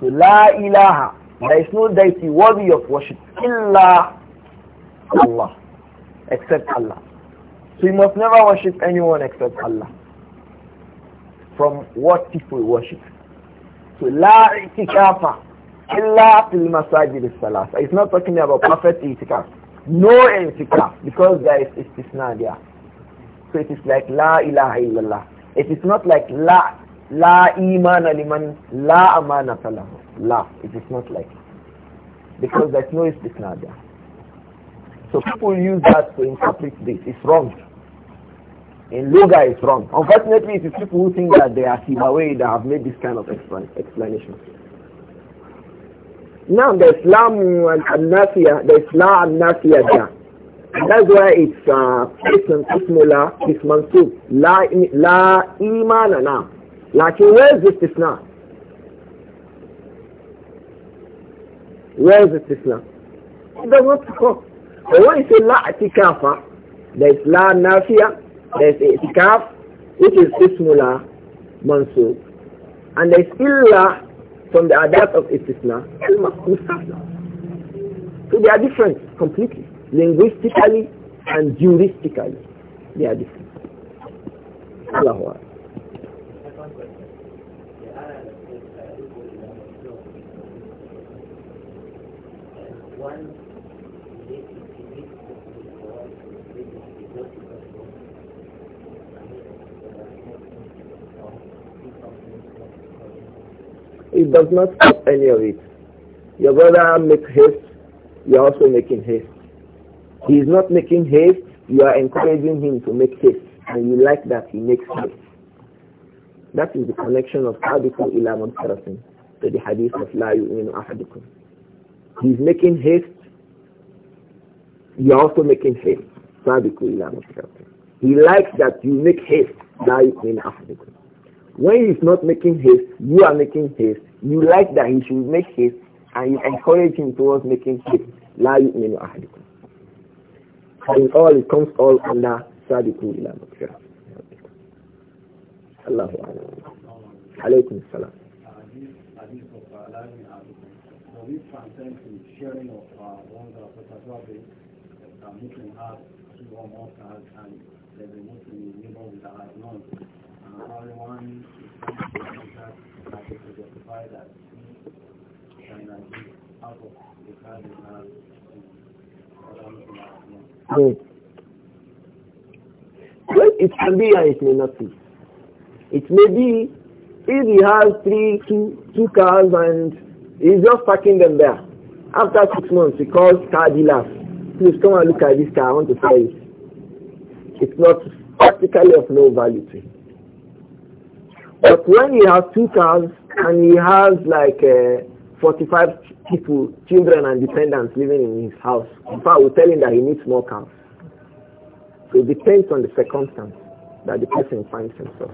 So La ilaha, there is no deity worthy of worship illa Allah, except Allah. So you must never worship anyone except Allah from what people worship. So La itikafa illa fil masajid salas. It's not talking about perfect itikaf. No itikaf because there is istisna there. So it is like La ilaha illallah. It is not like La La iman aliman, la amana falahu. La, it is not like Because there's no istisna there. So people use that to interpret this. It's wrong. In Luga, it's wrong. Unfortunately, it is people who think that they are Sibawe that have made this kind of explanation. Now, the Islam al-Nafiya, the Islam al-Nafiya That's why it's uh, it's, it's, it's, it's, it's, La, la imana now. Lakin, where is istisna? Where is istisna? It does not come. But when you say la atikafa, there is la nafia, there is itikaf, which is ismula mansub, and there is illa from the adat of istisna, al-mustafna. So they are different completely, linguistically and juristically. They are different. Allahu Akbar. it does not stop any of it. Your brother makes haste, you're also making haste. He is not making haste, you are encouraging him to make haste. And you like that he makes haste. That is the connection of Sabiqun ila Munkarasin to the hadith of La yu'minu ahadukum. is making haste, you're also making haste. Sabiqu ila Munkarasin. He likes that you make haste. La yu'minu ahadukum. When is not making haste, you are making haste. You like that he should make haste and you encourage him towards making haste. La yu'minu ahadukum. And all, it comes all under sadiqu ila makfirah. Allahu Alaykum salam. sharing of uh, of the photography that Muslim has two or more stars and there's a Muslim neighbor with a non. And everyone I Well, it can be and it may not be. It may be if he has three, two, two cars and he's just parking them there. After six months, he calls car dealers. Please come and look at this car. I want to sell it. It's not practically of no value to him. But when he has two cars and he has like uh, 45 people, children and dependents living in his house, the father we tell him that he needs more cars. So it depends on the circumstance that the person finds himself.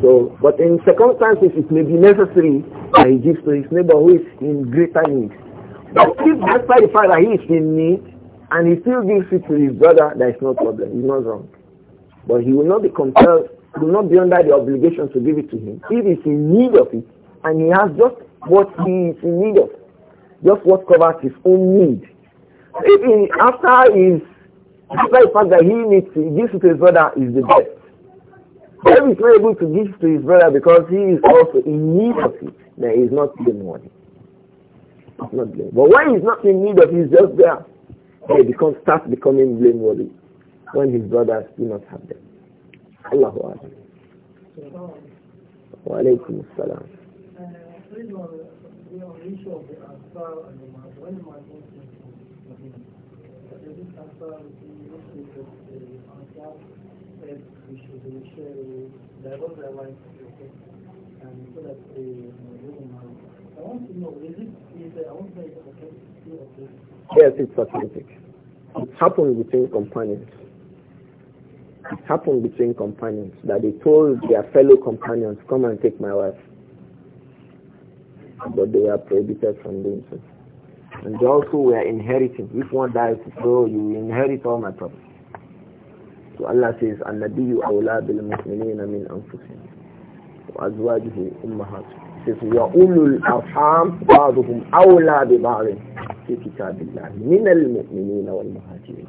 So, but in circumstances, it may be necessary that he gives to his neighbor who is in greater need. But if despite the fact that he is in need, and he still gives it to his brother, there is no problem. He's not wrong. But he will not be compelled do not be under the obligation to give it to him. If he's in need of it, and he has just what he is in need of, just what covers his own need. If he, after his after the fact that he needs to, give it to his brother is the best. If he's not able to give to his brother because he is also in need of it, then he's not blameworthy. It's not blameworthy. But when he's not in need of it, he's just there. He becomes, starts becoming blameworthy when his brothers do not have them. Allahu Akbar. Wa alaykum Yes, it's authentic. It happened between companions. It happened between companions that they told their fellow companions, come and take my wife. But they were prohibited from doing so. And they also were inheriting. If one dies, so you inherit all my property. So Allah says, النبي أولى بالمؤمنين من أنفسهم وأزواجه أمهاتهم says وَأُولُو الْأَرْحَامِ بَعْضُهُمْ أَوْلَى بِبَعْضٍ في كتاب الله من المؤمنين والمهاجرين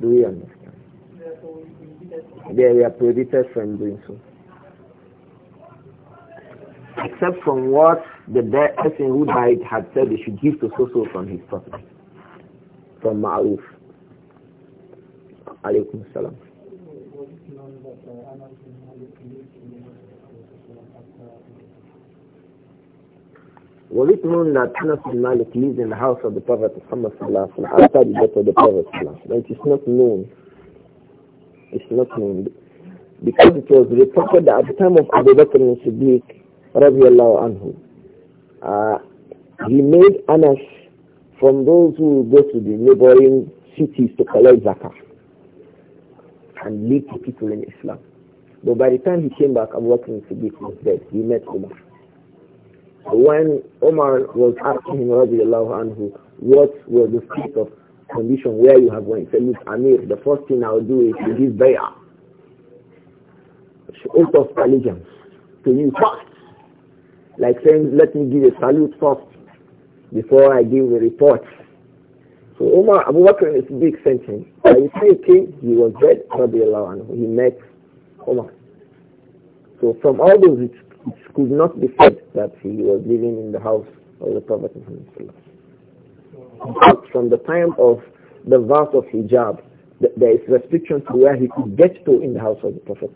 Do you understand? They were prohibited from doing so. Except from what the person who died had said they should give to so-so from his property. From Ma'ruf. Alaykum salam. Was it known that Anas bin Malik lives in the house of the Prophet Muhammad after the death of the Prophet? It is not known is not named because it was reported that at the time of Abu Bakr al-Siddiq anhu, uh, he made Anas from those who go to the neighboring cities to collect zakah and lead the people in Islam. But by the time he came back, Abu Bakr al-Siddiq was dead. He met Umar. When Umar was asking him, radiallahu anhu, what were the state of condition where you have went. Say, look, Amir, the first thing I'll do is to give bay'ah. Oath of allegiance to you first. Like saying, let me give a salute first before I give a report. So Umar Abu Bakr is big sentence. By the same he he was dead, anhu. He met Umar. So from all those, it, it could not be said that he was living in the house of the Prophet Muhammad from the time of the vow of hijab, there is restriction to where he could get to in the house of the Prophet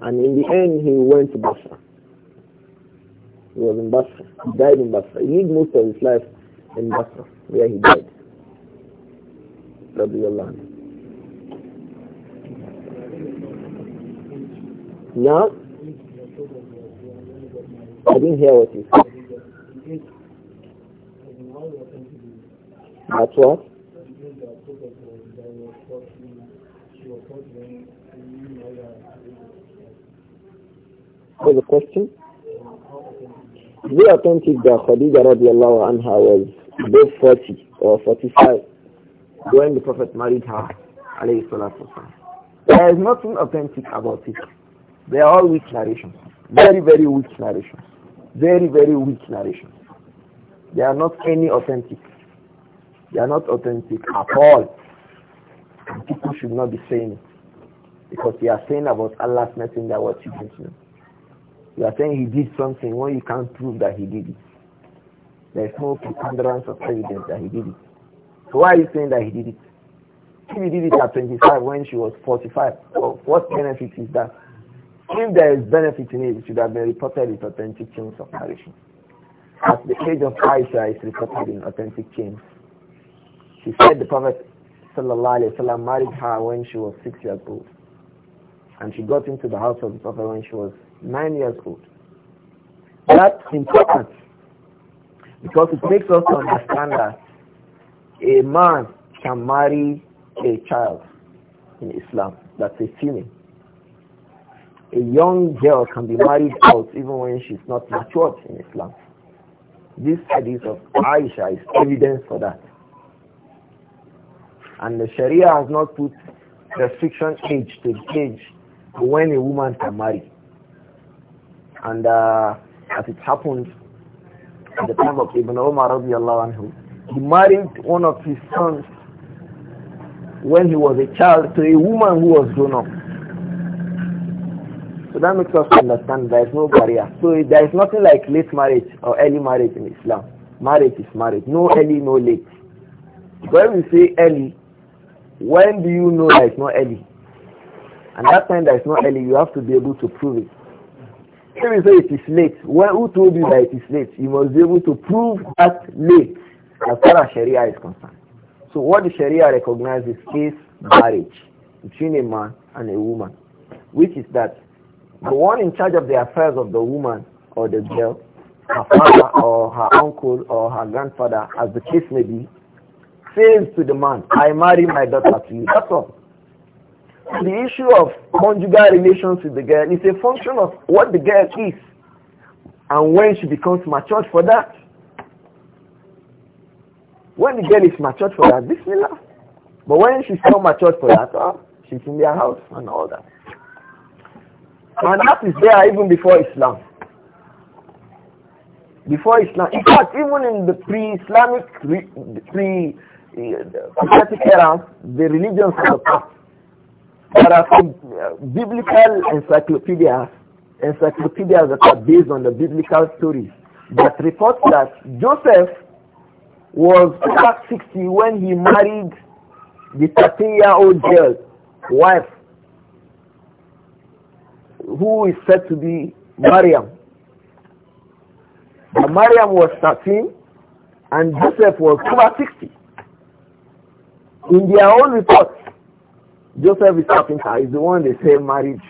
And in the end, he went to Basra. He was in Basra. He died in Basra. He lived most of his life in Basra, where he died. No, I didn't hear what you said. That's what? Was the question? The authentic that Khadija radiallahu anha was both 40 or 45 when the Prophet married her. There is nothing authentic about it. They are all weak narrations. Very, very weak narrations. Very, very weak narrations. They are not any authentic. They are not authentic at all. And people should not be saying it. Because they are saying about Allah's messenger what you didn't know. You are saying he did something when you can't prove that he did it. There is no preponderance of evidence that he did it. So why are you saying that he did it? If he did it at 25 when she was 45, well, oh, what benefit is that? If there is benefit in it, it should have been reported with authentic chains of narration. At the age of Aisha it is reported in authentic chains. She said the Prophet وسلم, married her when she was six years old. And she got into the house of the Prophet when she was nine years old. That's important because it makes us understand that a man can marry a child in Islam. That's a female. A young girl can be married out even when she's not matured in Islam. This hadith of Aisha is evidence for that. And the Sharia has not put restriction age to age when a woman can marry. And uh, as it happened at the time of Ibn Umar anhu, he married one of his sons when he was a child to a woman who was grown up. So that makes us understand there is no barrier. So there is nothing like late marriage or early marriage in Islam. Marriage is marriage. No early, no late. When we say early, when do you know it's not early? And that time there is no early, you have to be able to prove it. If we say it is late, when, who told you that it is late? You must be able to prove that late as far as Sharia is concerned. So what the Sharia recognizes is marriage between a man and a woman, which is that the one in charge of the affairs of the woman or the girl, her father or her uncle or her grandfather, as the case may be, says to the man, I marry my daughter to you. That's all. The issue of conjugal relations with the girl is a function of what the girl is and when she becomes matured for that. When the girl is matured for that, this will But when she's not matured for that, oh, she's in their house and all that. And that is there even before Islam. Before Islam. In fact, even in the pre-Islamic, pre Prophetic era, the religions of the past. There are some uh, biblical encyclopedias, encyclopedias that are based on the biblical stories that report that Joseph was about 60 when he married the 13-year-old girl, wife who is said to be Maryam. But Maryam was 13 and Joseph was over 60. In their own report, Joseph is carpenter ah, is the one they say marriage.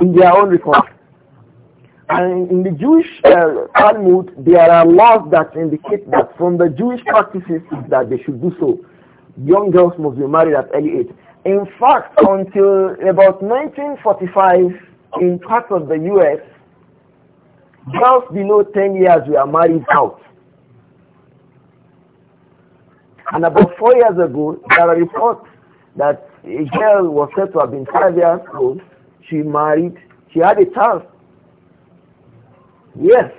In their own report. And in the Jewish uh, Talmud, there are laws that indicate that from the Jewish practices that they should do so. Young girls must be married at early age. In fact, until about 1945, in parts of the US, girls below 10 years were married out. And about four years ago, there were reports that a girl was said to have been five years old. She married. She had a child. Yes.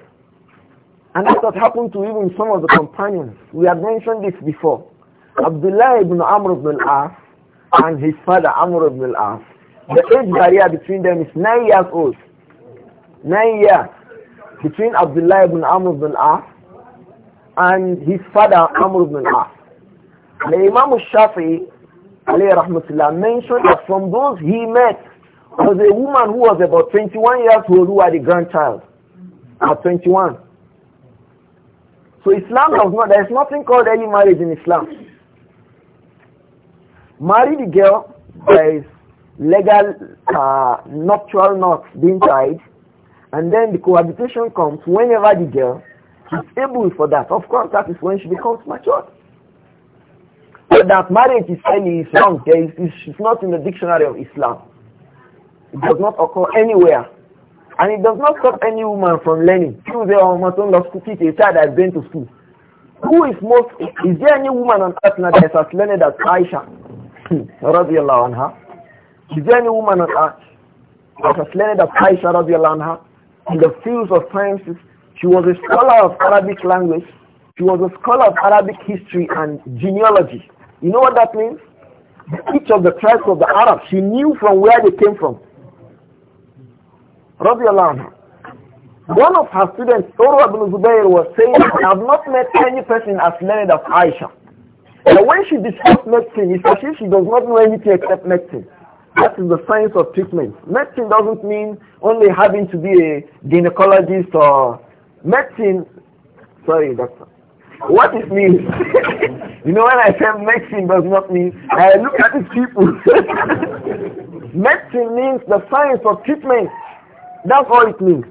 And that's what happened to even some of the companions. We had mentioned this before. Abdullah ibn Amr ibn al-As and his father Amr ibn al-As the age barrier between them is nine years old. Nine years between Abdullah ibn Amr ibn As and his father Amr ibn As. The Imam Shafi'i alayhi rahmatullah mentioned that from those he met was a woman who was about 21 years old who had a grandchild at 21. So Islam does not, there is nothing called any marriage in Islam. Marry the girl, there is legal uh, nuptial knot being tied, and then the cohabitation comes whenever the girl is able for that. Of course, that is when she becomes mature. But that marriage is early is wrong. it's not in the dictionary of Islam. It does not occur anywhere. And it does not stop any woman from learning. People the oh, my son loves to teach a child that's been to school. Who is most, is there any woman on earth now that has learned as Aisha? radiallahu anha. Is there any woman on earth that has learned that Aisha in the fields of sciences? She was a scholar of Arabic language. She was a scholar of Arabic history and genealogy. You know what that means? Each of the tribes of the Arabs, she knew from where they came from. Radiallahu anha. One of her students, Urwa ibn Zubayr, was saying, I have not met any person as learned as Aisha. And when she discussed medicine, it's as if she does not know anything except medicine. That is the science of treatment. Medicine doesn't mean only having to be a gynecologist or medicine. Sorry, doctor. What it means, you know, when I say medicine does not mean, I look at these people. medicine means the science of treatment. That's all it means.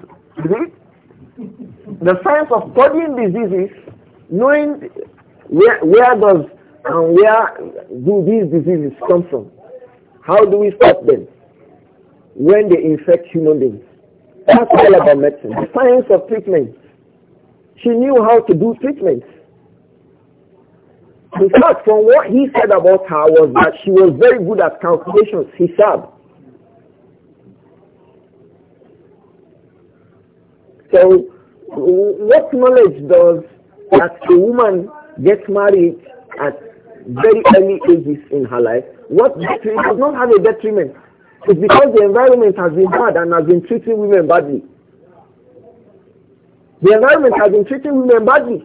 The science of studying diseases, knowing where, where does and where do these diseases come from how do we stop them? When they infect human beings. That's all about medicine. The science of treatment. She knew how to do treatments. In fact, from what he said about her was that she was very good at calculations, He said. So, what knowledge does that a woman gets married at very early ages in her life what detriment? does not have a detriment. It's because the environment has been bad and has been treating women badly. The environment has been treating women badly.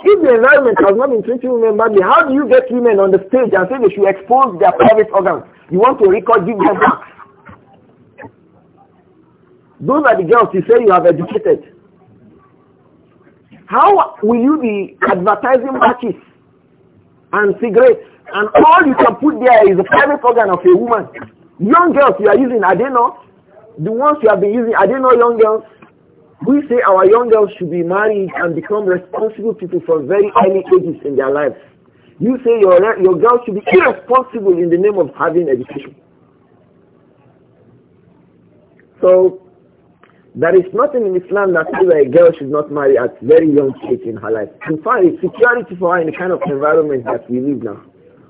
If the environment has not been treating women badly, how do you get women on the stage and say they should expose their private organs? You want to record, give them back. Those are the girls you say you have educated. How will you be advertising matches and cigarettes and all you can put there is the private organ of a woman. Young girls you are using, are they not? The ones you have been using, are they not young girls? We say our young girls should be married and become responsible people from very early ages in their lives. You say your, your girls should be irresponsible in the name of having education. So there is nothing in Islam that says a girl should not marry at very young age in her life. In fact, it's security for her in the kind of environment that we live now.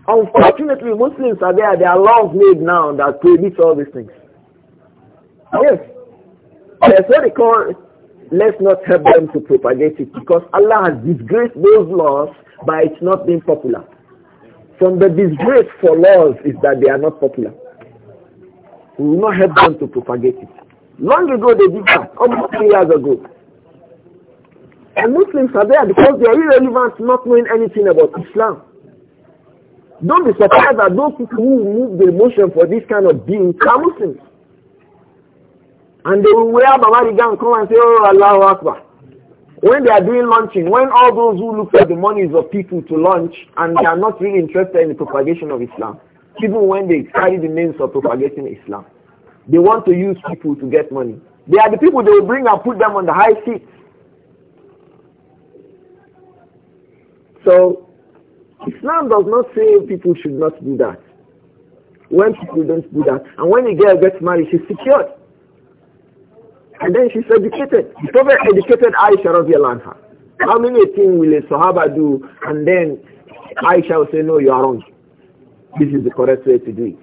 Unfortunately, Muslims are there. There are laws made now that prohibit all these things. Yes. what they call let's not help them to propagate it because Allah has disgraced those laws by it's not being popular. From the disgrace for laws is that they are not popular. We will not help them to propagate it. Long ago they did that, almost three years ago. And Muslims are there because they are irrelevant not knowing anything about Islam. Don't be surprised that those people who move the emotion for this kind of being are Muslims. And they will wear the and come and say, Oh, Allahu Akbar. When they are doing lunching, when all those who look for the monies of people to lunch and they are not really interested in the propagation of Islam, even when they carry the names of propagating Islam, they want to use people to get money. They are the people they will bring and put them on the high seats. So Islam does not say people should not do that. When people don't do that, and when a girl gets married, she's secured. And then she's educated. The Prophet educated Aisha radiallahu her. How many things will a Sahaba do and then Aisha will say, no, you are wrong. This is the correct way to do it.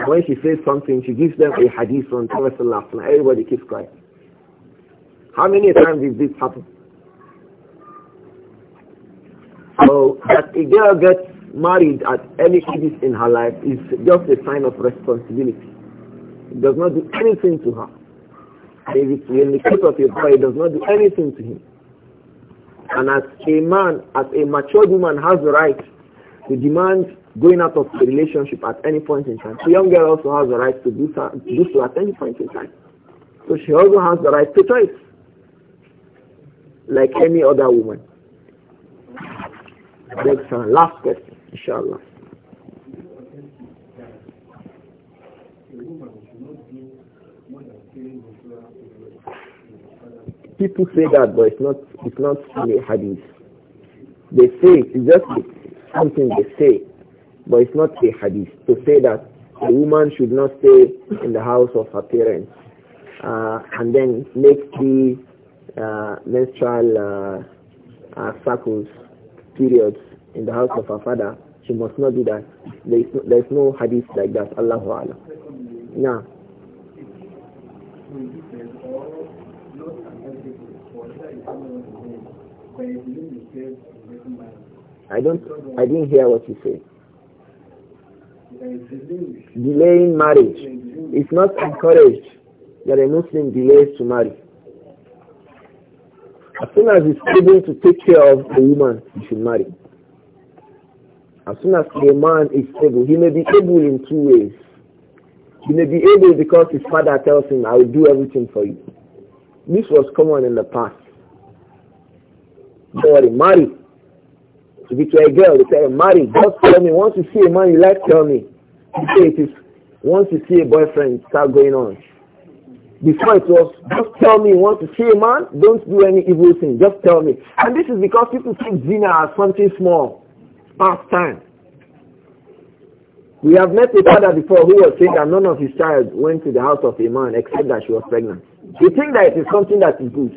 And when she says something, she gives them a hadith from Prophet Everybody keeps quiet. How many times did this happen? So that a girl gets married at any age in her life is just a sign of responsibility. It does not do anything to her. If it's in the case of a boy, it does not do anything to him. And as a man, as a matured woman has the right to demand going out of the relationship at any point in time. The young girl also has the right to do, so, do so at any point in time. So she also has the right to choice, like any other woman. That's one, last question, inshallah. People say that, but it's not, it's not really hadith. They say it's just something they say, but it's not a hadith. To say that a woman should not stay in the house of her parents uh, and then make the uh, menstrual uh, uh circles periods in the house of her father, she must not do that. There is no, there is no hadith like that. Allahu Allah. Now. I don't. I didn't hear what you said. Delaying marriage is not encouraged that a Muslim delays to marry. As soon as he's able to take care of the woman, he should marry. As soon as a man is able, he may be able in two ways. He may be able because his father tells him, I will do everything for you. This was common in the past. Don't worry, marry. If it's a girl, they tell her, marry. Just tell me. Once you see a man you like, tell me. You say it is, once you see a boyfriend, start going on. Before it was, just tell me you want to see a man, don't do any evil thing, just tell me. And this is because people think zina as something small, past time. We have met a father before who was saying that none of his child went to the house of a man except that she was pregnant. He think that it is something that is good.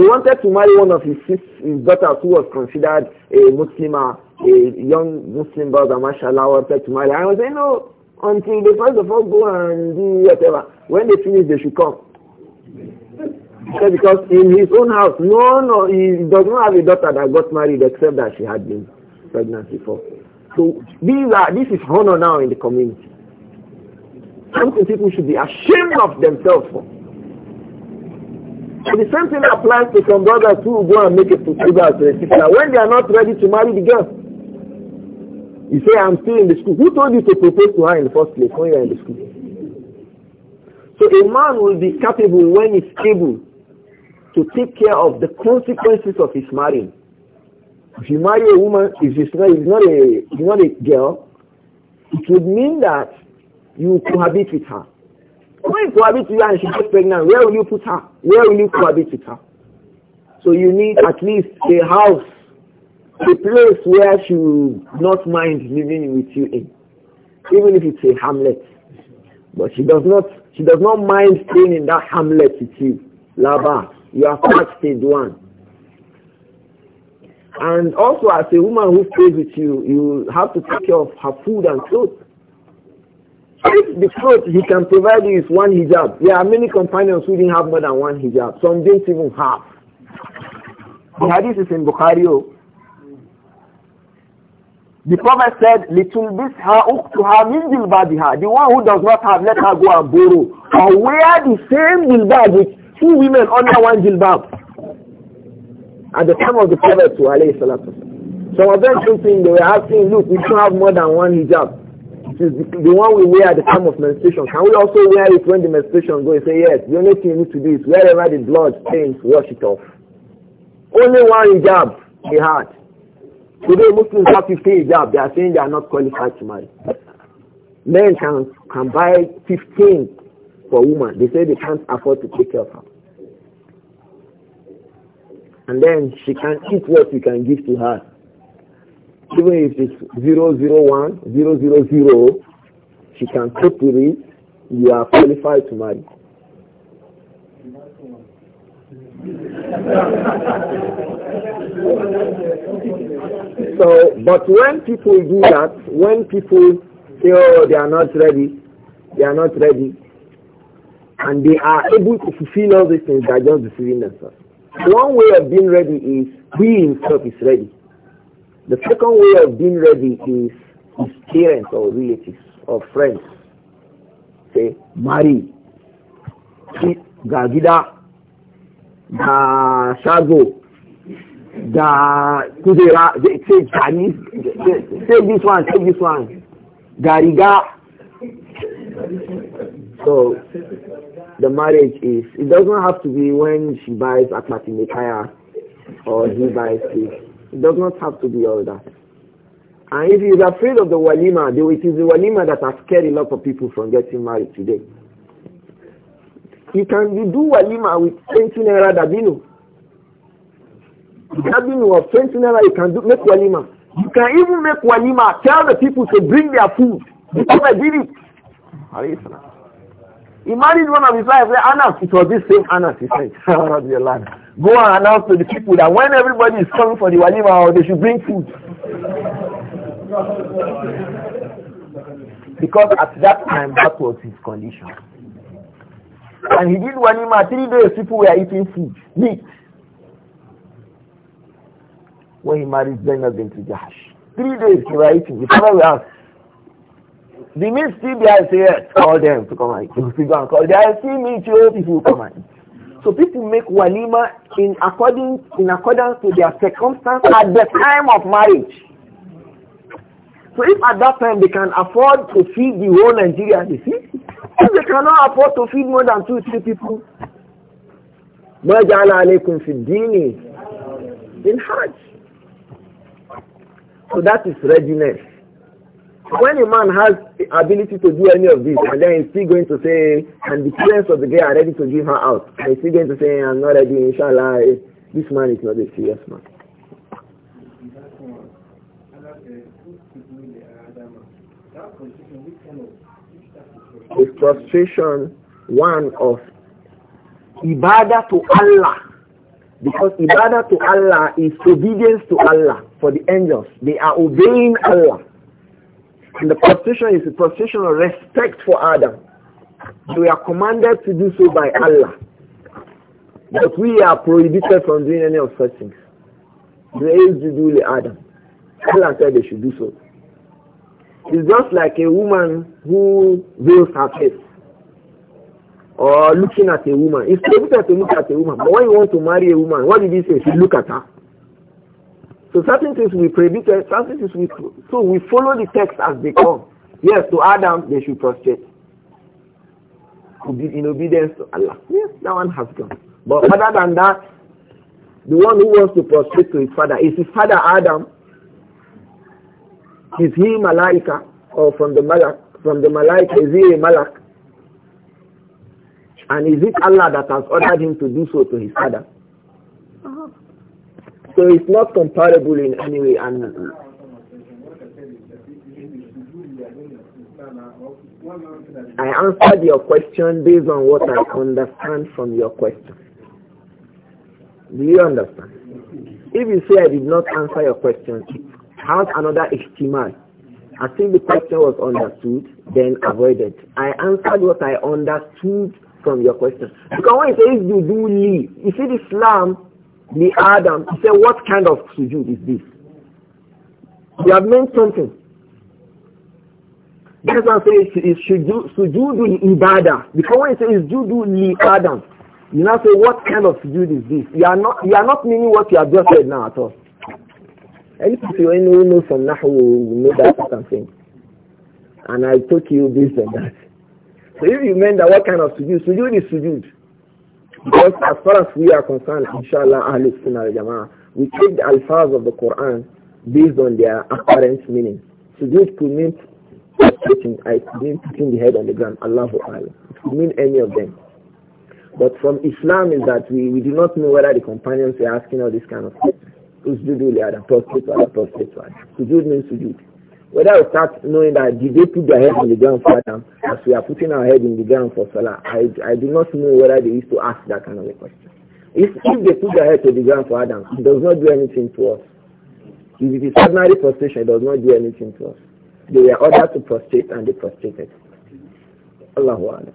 He wanted to marry one of his, six, his daughters who was considered a Muslimah, a young Muslim brother, mashallah, wanted to marry. I was saying, no, until they first of all go and do whatever. When they finish, they should come. because in his own house, no, no, he does not have a daughter that got married except that she had been pregnant before. So these are, this is honor now in the community. Something people should be ashamed of themselves for. So the same thing applies to some brothers who go and make a proposal to a sister when they are not ready to marry the girl. You say, I'm still in the school. Who told you to propose to her in the first place when you're in the school? So a man will be capable when he's able to take care of the consequences of his marrying. If you marry a woman, if she's not, not a, not a girl, it would mean that you cohabit with her. When you cohabit with her and she gets pregnant, where will you put her? Where will you cohabit with her? So you need at least a house the place where she will not mind living with you in, even if it's a hamlet. But she does not she does not mind staying in that hamlet with you. Laba, you are passed stage one. And also as a woman who stays with you, you have to take care of her food and clothes. If the clothes he can provide you is one hijab, there are many companions who didn't have more than one hijab. Some didn't even have. The hadith is in Bukhari. Oh. The Prophet said, Little this her uktuha min The one who does not have, let her go and borrow. Or wear the same jilbab with two women under one jilbab. At the time of the Prophet, to alayhi salatu. Some of them thinking, they were asking, look, we should have more than one hijab. It is the one we wear at the time of menstruation. Can we also wear it when the menstruation goes? Say yes. The only thing you need to do is wherever the blood stains, wash it off. Only one hijab, he had. Today Muslims have to 15 hijab. They are saying they are not qualified to marry. Men can, can buy 15 for a woman. They say they can't afford to take care of her. And then she can eat what you can give to her. Even if it's 001, 000, she can cope with it. You are qualified to marry. so, but when people do that, when people say, oh, they are not ready, they are not ready, and they are able to fulfill all these things, they are just deceiving themselves. One way of being ready is he himself is ready. The second way of being ready is his parents or relatives or friends. Say, marry, gagida, da shago da kudera say chinese say this one say this one gariga so the marriage is it doesn't have to be when she buys a kaya or he buys this it does not have to be all that and if he is afraid of the walima, it is the walima that has scared a lot of people from getting married today. You can you do walima with 20 naira dabino. Dabino of 20 naira, you can do, make walima. You can even make walima, tell the people to bring their food. Because I did it. He married one of his wives, Anas. It was this same Anas, he said. Go and announce to the people that when everybody is coming for the walima, oh, they should bring food. Because at that time, that was his condition. And he did walima three days people were eating food, meat. When he married Zainab bint Jahash. Three days he was eating. The father will ask, the meat still there, I say, yes, call them to come and eat. go and call, there are still meat, you people come and eat. So people make walima in according in accordance to their circumstance at the time of marriage. So if at that time they can afford to feed the whole Nigeria, they feed. If they cannot afford to feed more than two, three people, Majala alaykum fiddini in Hajj. So that is readiness. When a man has the ability to do any of this, and then he's still going to say, and the parents of the girl are ready to give her out, and he's still going to say, I'm not ready, inshallah, this man is not a serious man. is frustration one of ibadah to Allah. Because ibadah to Allah is obedience to Allah for the angels. They are obeying Allah. And the prostration is a prostration of respect for Adam. We are commanded to do so by Allah. But we are prohibited from doing any of such things. They do Adam. Allah said they should do so. It's just like a woman who veils her face or looking at a woman. It's prohibited to look at a woman. But when you want to marry a woman, what did he say? She look at her. So certain things we prohibited, eh, certain things we so we follow the text as they come. Yes, to Adam they should prostrate. In obedience to Allah. Yes, that one has come. But other than that, the one who wants to prostrate to his father, is his father Adam? Is he malaika or from the malak? From the malaika, is he a malak? And is it Allah that has ordered him to do so to his father? Uh-huh. So it's not comparable in any way. And I answered your question based on what I understand from your question. Do you understand? If you say I did not answer your question, has another ihtimal. I think the question was understood, then avoided. I answered what I understood from your question. Because when it says you do leave, you see the Islam, the Adam, you say what kind of sujood is this? You have meant something. That's why I say it's sujood ibadah. Because when it says judu li Adam, you now say what kind of sujood is this? You are not you are not meaning what you have just said now at all. If you only know from Nahu, you know that something. And I took you based on that. So if you meant that what kind of sujood? Sujood is sujood. Because as far as we are concerned, inshallah, Ahlul Sunnah jamaah we take the alfaz of the Quran based on their apparent meaning. Sujood could mean sitting, I mean putting the head on the ground, Allahu Allah. It could mean any of them. But from Islam is that we, we do not know whether the companions were asking all this kind of things. Usjudu li Adam, prostrate to Adam, prostrate to Sujud means sujud. Whether we start knowing that did they put their head in the ground for Adam as we are putting our head in the ground for Salah, I, I do not know whether they used to ask that kind of a question. If, if they put their head to the ground for Adam, it does not do anything to us. If it is ordinary prostration, it does not do anything to us. They were ordered to prostrate and they prostrated. Allahu Akbar.